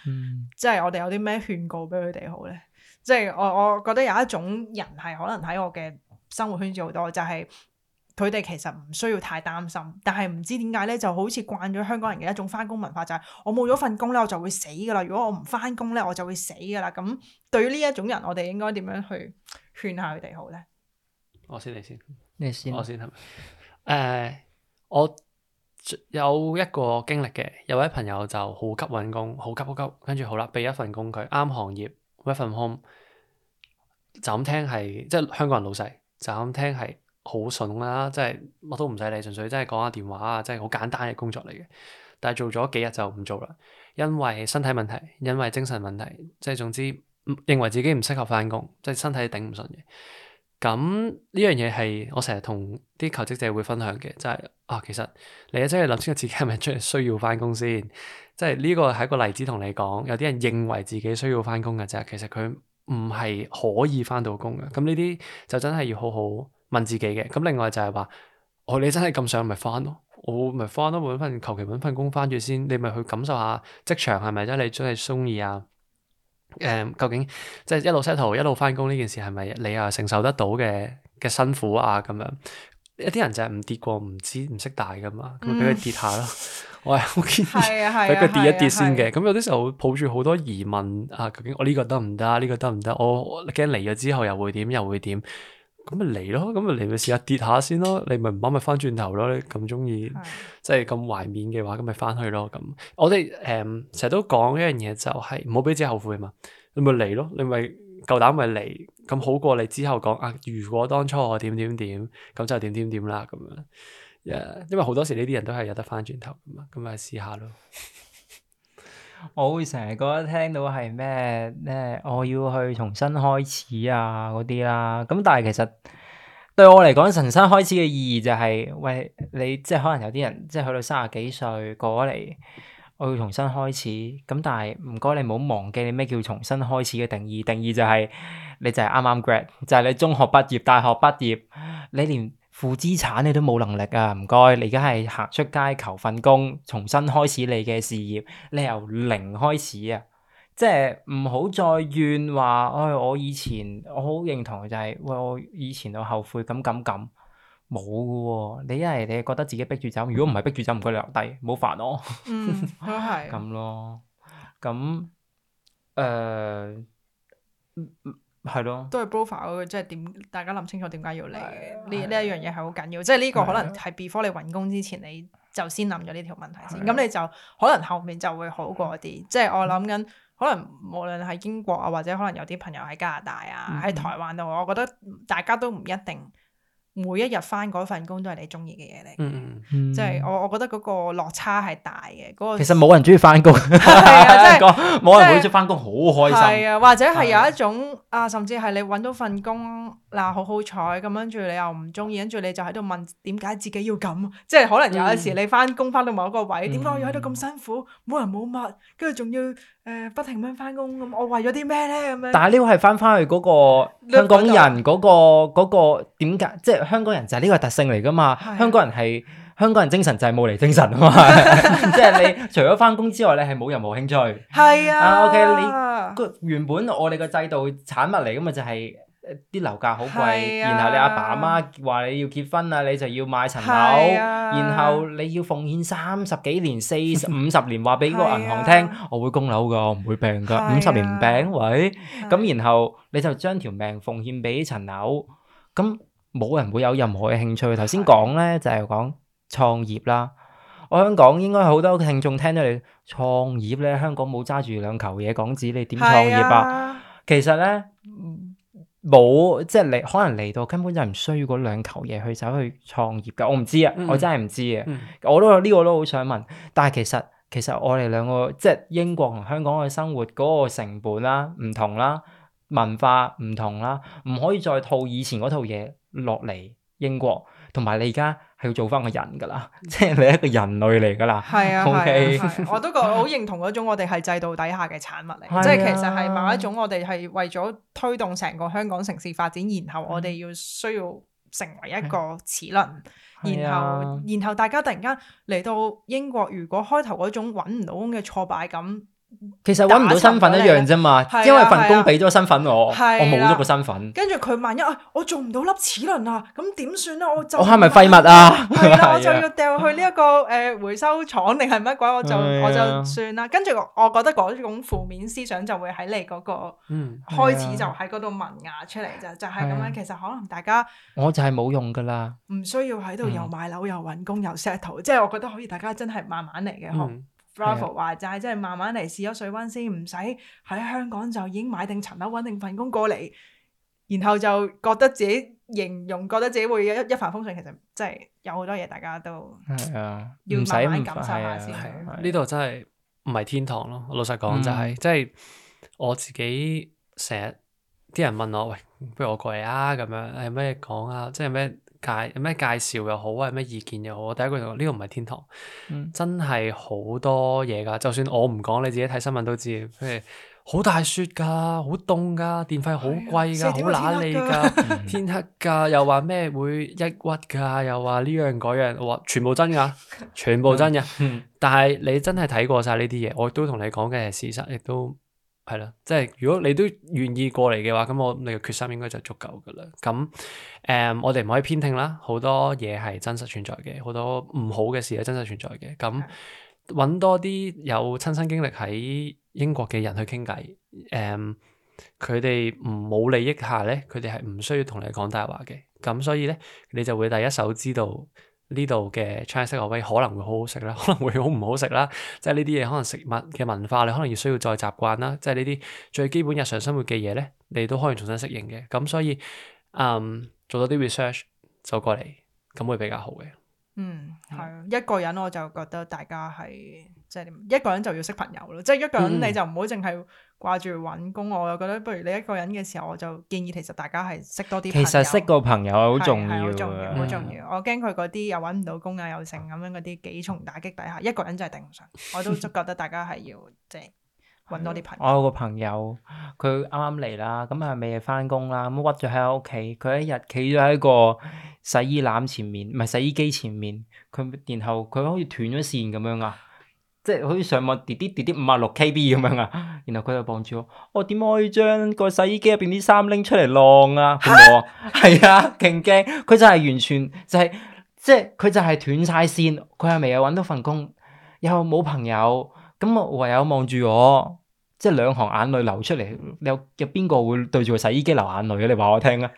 即係、嗯嗯嗯、我哋有啲咩勸告俾佢哋好咧？即、就、係、是、我我覺得有一種人係可能喺我嘅。生活圈子好多，就係佢哋其實唔需要太擔心，但係唔知點解咧，就好似慣咗香港人嘅一種返工文化，就係、是、我冇咗份工咧，我就會死噶啦；如果我唔返工咧，我就會死噶啦。咁對於呢一種人，我哋應該點樣去勸下佢哋好咧？我先嚟先，你先，先，我先。誒、呃，我有一個經歷嘅，有位朋友就急急好急搵工，好急好急，跟住好啦，俾一份工佢，啱行業，一份工就咁聽係，即、就、係、是、香港人老細。就咁聽係好筍啦，即係乜都唔使理，純粹真係講下電話啊，即係好簡單嘅工作嚟嘅。但係做咗幾日就唔做啦，因為身體問題，因為精神問題，即係總之認為自己唔適合翻工，即係身體頂唔順嘅。咁呢樣嘢係我成日同啲求職者會分享嘅，即係啊，其實你真係諗清楚自己係咪最需要翻工先，即係呢個係一個例子同你講。有啲人認為自己需要翻工嘅就係，其實佢。唔係可以翻到工嘅，咁呢啲就真係要好好問自己嘅。咁另外就係話、哦啊，我你真係咁想咪翻咯，我咪翻咯，搵份求其搵份工翻住先，你咪去感受下職場係咪真係，你真係中意啊？誒、嗯，究竟即係、就是、一路 set up 一路翻工呢件事係咪你又承受得到嘅嘅辛苦啊？咁樣。一啲人就係唔跌過，唔知唔識大噶嘛，咁俾佢跌下咯。嗯、 我係好建議俾佢、啊、跌一跌先嘅。咁、啊啊啊、有啲時候抱住好多疑問啊，究竟我呢個得唔得啊？呢、呢個得唔得？我驚嚟咗之後又會點，又會點？咁咪嚟咯，咁咪嚟去試下跌下先咯。你咪唔啱咪翻轉頭咯。你咁中意，即係咁懷緬嘅話，咁咪翻去咯。咁我哋誒成日都講一樣嘢、就是，就係唔好俾自己後悔啊嘛。你咪嚟咯，你咪夠膽咪嚟。咁好過你之後講啊，如果當初我點點點，咁就點點點啦，咁樣，誒，yeah, 因為好多時呢啲人都係有得翻轉頭噶嘛，咁咪試下咯。 我會成日覺得聽到係咩咩，我要去重新開始啊嗰啲啦，咁但係其實對我嚟講，重新開始嘅意義就係、是，喂，你即係可能有啲人即係去到三十幾歲過嚟。我要重新開始，咁但係唔該你唔好忘記你咩叫重新開始嘅定義，定義就係你就係啱啱 grad，就係你中學畢業、大學畢業，你連負資產你都冇能力啊，唔該，你而家係行出街求份工，重新開始你嘅事業，你由零開始啊，即係唔好再怨話，唉、哎，我以前我好認同就係、是，喂，我以前我後悔咁咁咁。冇嘅喎，你一係你覺得自己逼住走，如果唔係逼住走，唔該你留低，冇煩我，咁咯，咁誒，係咯，都係 Brova 嗰個，即係點？大家諗清楚點解要嚟？呢呢一樣嘢係好緊要，即係呢個可能係 before 你揾工之前，你就先諗咗呢條問題先，咁你就可能後面就會好過啲。即係我諗緊，可能無論喺英國啊，或者可能有啲朋友喺加拿大啊，喺台灣度，我覺得大家都唔一定。每一日返嗰份工都係你鍾意嘅嘢嚟，即係、嗯嗯就是、我我覺得嗰個落差係大嘅嗰、那個、其實冇人鍾意返工，冇人會鍾意返工，好開心。或者係有一種啊，啊，甚至係你揾到份工嗱，啊、好好彩咁樣，跟住你又唔鍾意，跟住你就喺度問點解自己要咁？即、就、係、是、可能有時你返工返到某一個位，點解我要喺度咁辛苦，冇人冇物，跟住仲要誒、呃、不停咁樣返工咁，我為咗啲咩呢？咁樣？但係呢個係返返去嗰個香港人嗰、那個嗰點解即？那個香港人就係呢個特性嚟噶嘛？香港人係香港人精神就係冇嚟精神啊嘛！即係你除咗返工之外，你係冇任何興趣。係啊，OK，你個原本我哋個制度產物嚟，噶嘛就係啲樓價好貴。然後你阿爸阿媽話你要結婚啊，你就要買層樓。然後你要奉獻三十幾年、四十五十年，話俾個銀行聽，我會供樓噶，我唔會病噶，五十年唔病喂。咁然後你就將條命奉獻俾層樓咁。冇人會有任何嘅興趣。頭先講咧就係講創業啦。我香港應該好多聽眾聽到你創業咧，香港冇揸住兩球嘢港紙，你點創業啊？其實咧冇，即係你可能嚟到根本就唔需要嗰兩球嘢去走去創業嘅。我唔知啊，我真係唔知啊。嗯、我都呢、呢個都好想問。但係其實其實我哋兩個即係英國同香港嘅生活嗰個成本啦，唔同啦，文化唔同啦，唔可以再套以前嗰套嘢。落嚟英國，同埋你而家係要做返個人㗎喇，嗯、即係你一個人類嚟㗎喇。係啊，OK，啊啊我都覺好認同嗰種，我哋係制度底下嘅產物嚟，啊、即係其實係某一種，我哋係為咗推動成個香港城市發展，然後我哋要需要成為一個齒輪，啊啊、然後然後大家突然間嚟到英國，如果開頭嗰種揾唔到嘅挫敗感。其實搵唔到身份一樣啫嘛，因為份工俾咗身份我，我冇咗個身份。跟住佢萬一啊，我做唔到粒齒輪啊，咁點算咧？我我係咪廢物啊？係啦，我就要掉去呢一個誒回收廠定係乜鬼？我就我就算啦。跟住我我覺得嗰種負面思想就會喺你嗰個開始就喺嗰度萌芽出嚟啫，就係咁樣。其實可能大家我就係冇用噶啦，唔需要喺度又買樓又搵工又 set 圖，即係我覺得可以，大家真係慢慢嚟嘅。Brova 話齋，即係 Bra 的慢慢嚟試咗水溫先，唔使喺香港就已經買定層樓，揾定份工過嚟，然後就覺得自己形容，覺得自己會一一帆風順。其實即係有好多嘢，大家都係啊，要慢慢感受下先。呢度真係唔係天堂咯。老實講，就係即係我自己成日啲人問我，喂，不如我過嚟啊？咁樣係咩講啊？即係咩？就係介有咩介紹又好，有咩意見又好，我第一個就話呢個唔係天堂，嗯、真係好多嘢噶。就算我唔講，你自己睇新聞都知，譬如，好大雪噶，好凍噶，電費好貴噶，好揦脷噶，天黑噶、嗯，又話咩會抑鬱噶，又話呢樣嗰樣，話全部真噶，全部真噶。嗯、但係你真係睇過晒呢啲嘢，我都同你講嘅係事實，亦都。係啦，即係如果你都願意過嚟嘅話，咁我你嘅決心應該就足夠噶啦。咁誒、嗯，我哋唔可以偏聽啦，好多嘢係真實存在嘅，好多唔好嘅事係真實存在嘅。咁揾多啲有親身經歷喺英國嘅人去傾偈，誒、嗯，佢哋唔冇利益下咧，佢哋係唔需要同你講大話嘅。咁所以咧，你就會第一手知道。呢度嘅 Chinese takeaway 可能會好好食啦，可能會好唔好食啦，即係呢啲嘢可能食物嘅文化，你可能要需要再習慣啦。即係呢啲最基本日常生活嘅嘢咧，你都可以重新適應嘅。咁所以，嗯，做多啲 research 就過嚟，咁會比較好嘅。嗯，係。的一個人我就覺得大家係即係一個人就要識朋友咯，即係一個人你就唔好淨係。掛住揾工，我又覺得不如你一個人嘅時候，我就建議，其實大家係識多啲。其實識個朋友好重要，好重要，好的重要。我驚佢嗰啲又揾唔到工啊，又剩咁樣嗰啲幾重打擊底下，一個人真係頂唔順。我都覺得大家係要即係揾多啲朋友。 我有個朋友，佢啱啱嚟啦，咁係未返工啦，咁屈咗喺屋企。佢一日企咗喺個洗衣籃前面，唔係洗衣機前面。佢然後佢好似斷咗線咁樣啊！即係好似上網跌啲跌啲五啊六 KB 咁樣啊，然後佢就望住我，我點、哦、可以將個洗衣機入邊啲衫拎出嚟晾啊？係我啊，勁驚、啊！佢就係完全就係、是，即係佢就係、是、斷晒線，佢又咪有搵到份工，又冇朋友，咁我唯有望住我，即係兩行眼淚流出嚟。有有邊個會對住個洗衣機流眼淚啊？你話我聽啊？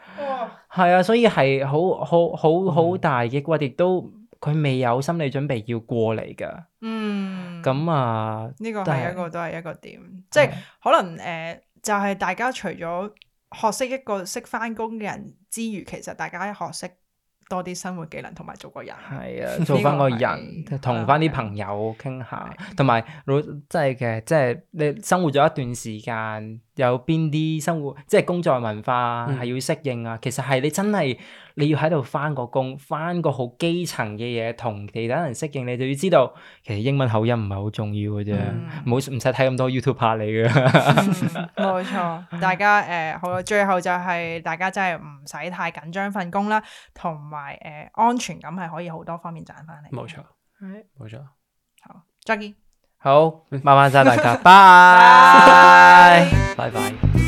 係哇啊，所以係好好好好大嘅，我亦都。佢未有心理準備要過嚟㗎，嗯，咁啊，呢個係一個都係一個點，即係可能誒，uh, 就係大家除咗學識一個識返工嘅人之餘，其實大家學識多啲生活技能同埋做個人，係啊，做返個人，同返啲朋友傾下，同埋老即係嘅，即係你生活咗一段時間，有邊啲生活即係工作文化係要適應啊，嗯、其實係你真係。你要喺度返個工，返個好基層嘅嘢，同其他人適應，你就要知道，其實英文口音唔係好重要嘅啫，冇唔使睇咁多 YouTube 拍你嘅。冇錯，大家誒，好啦，最後就係大家真係唔使太緊張份工啦，同埋誒安全感係可以好多方面賺返嚟。冇錯，冇錯，好，再見，好，慢慢晒大家，拜，拜拜。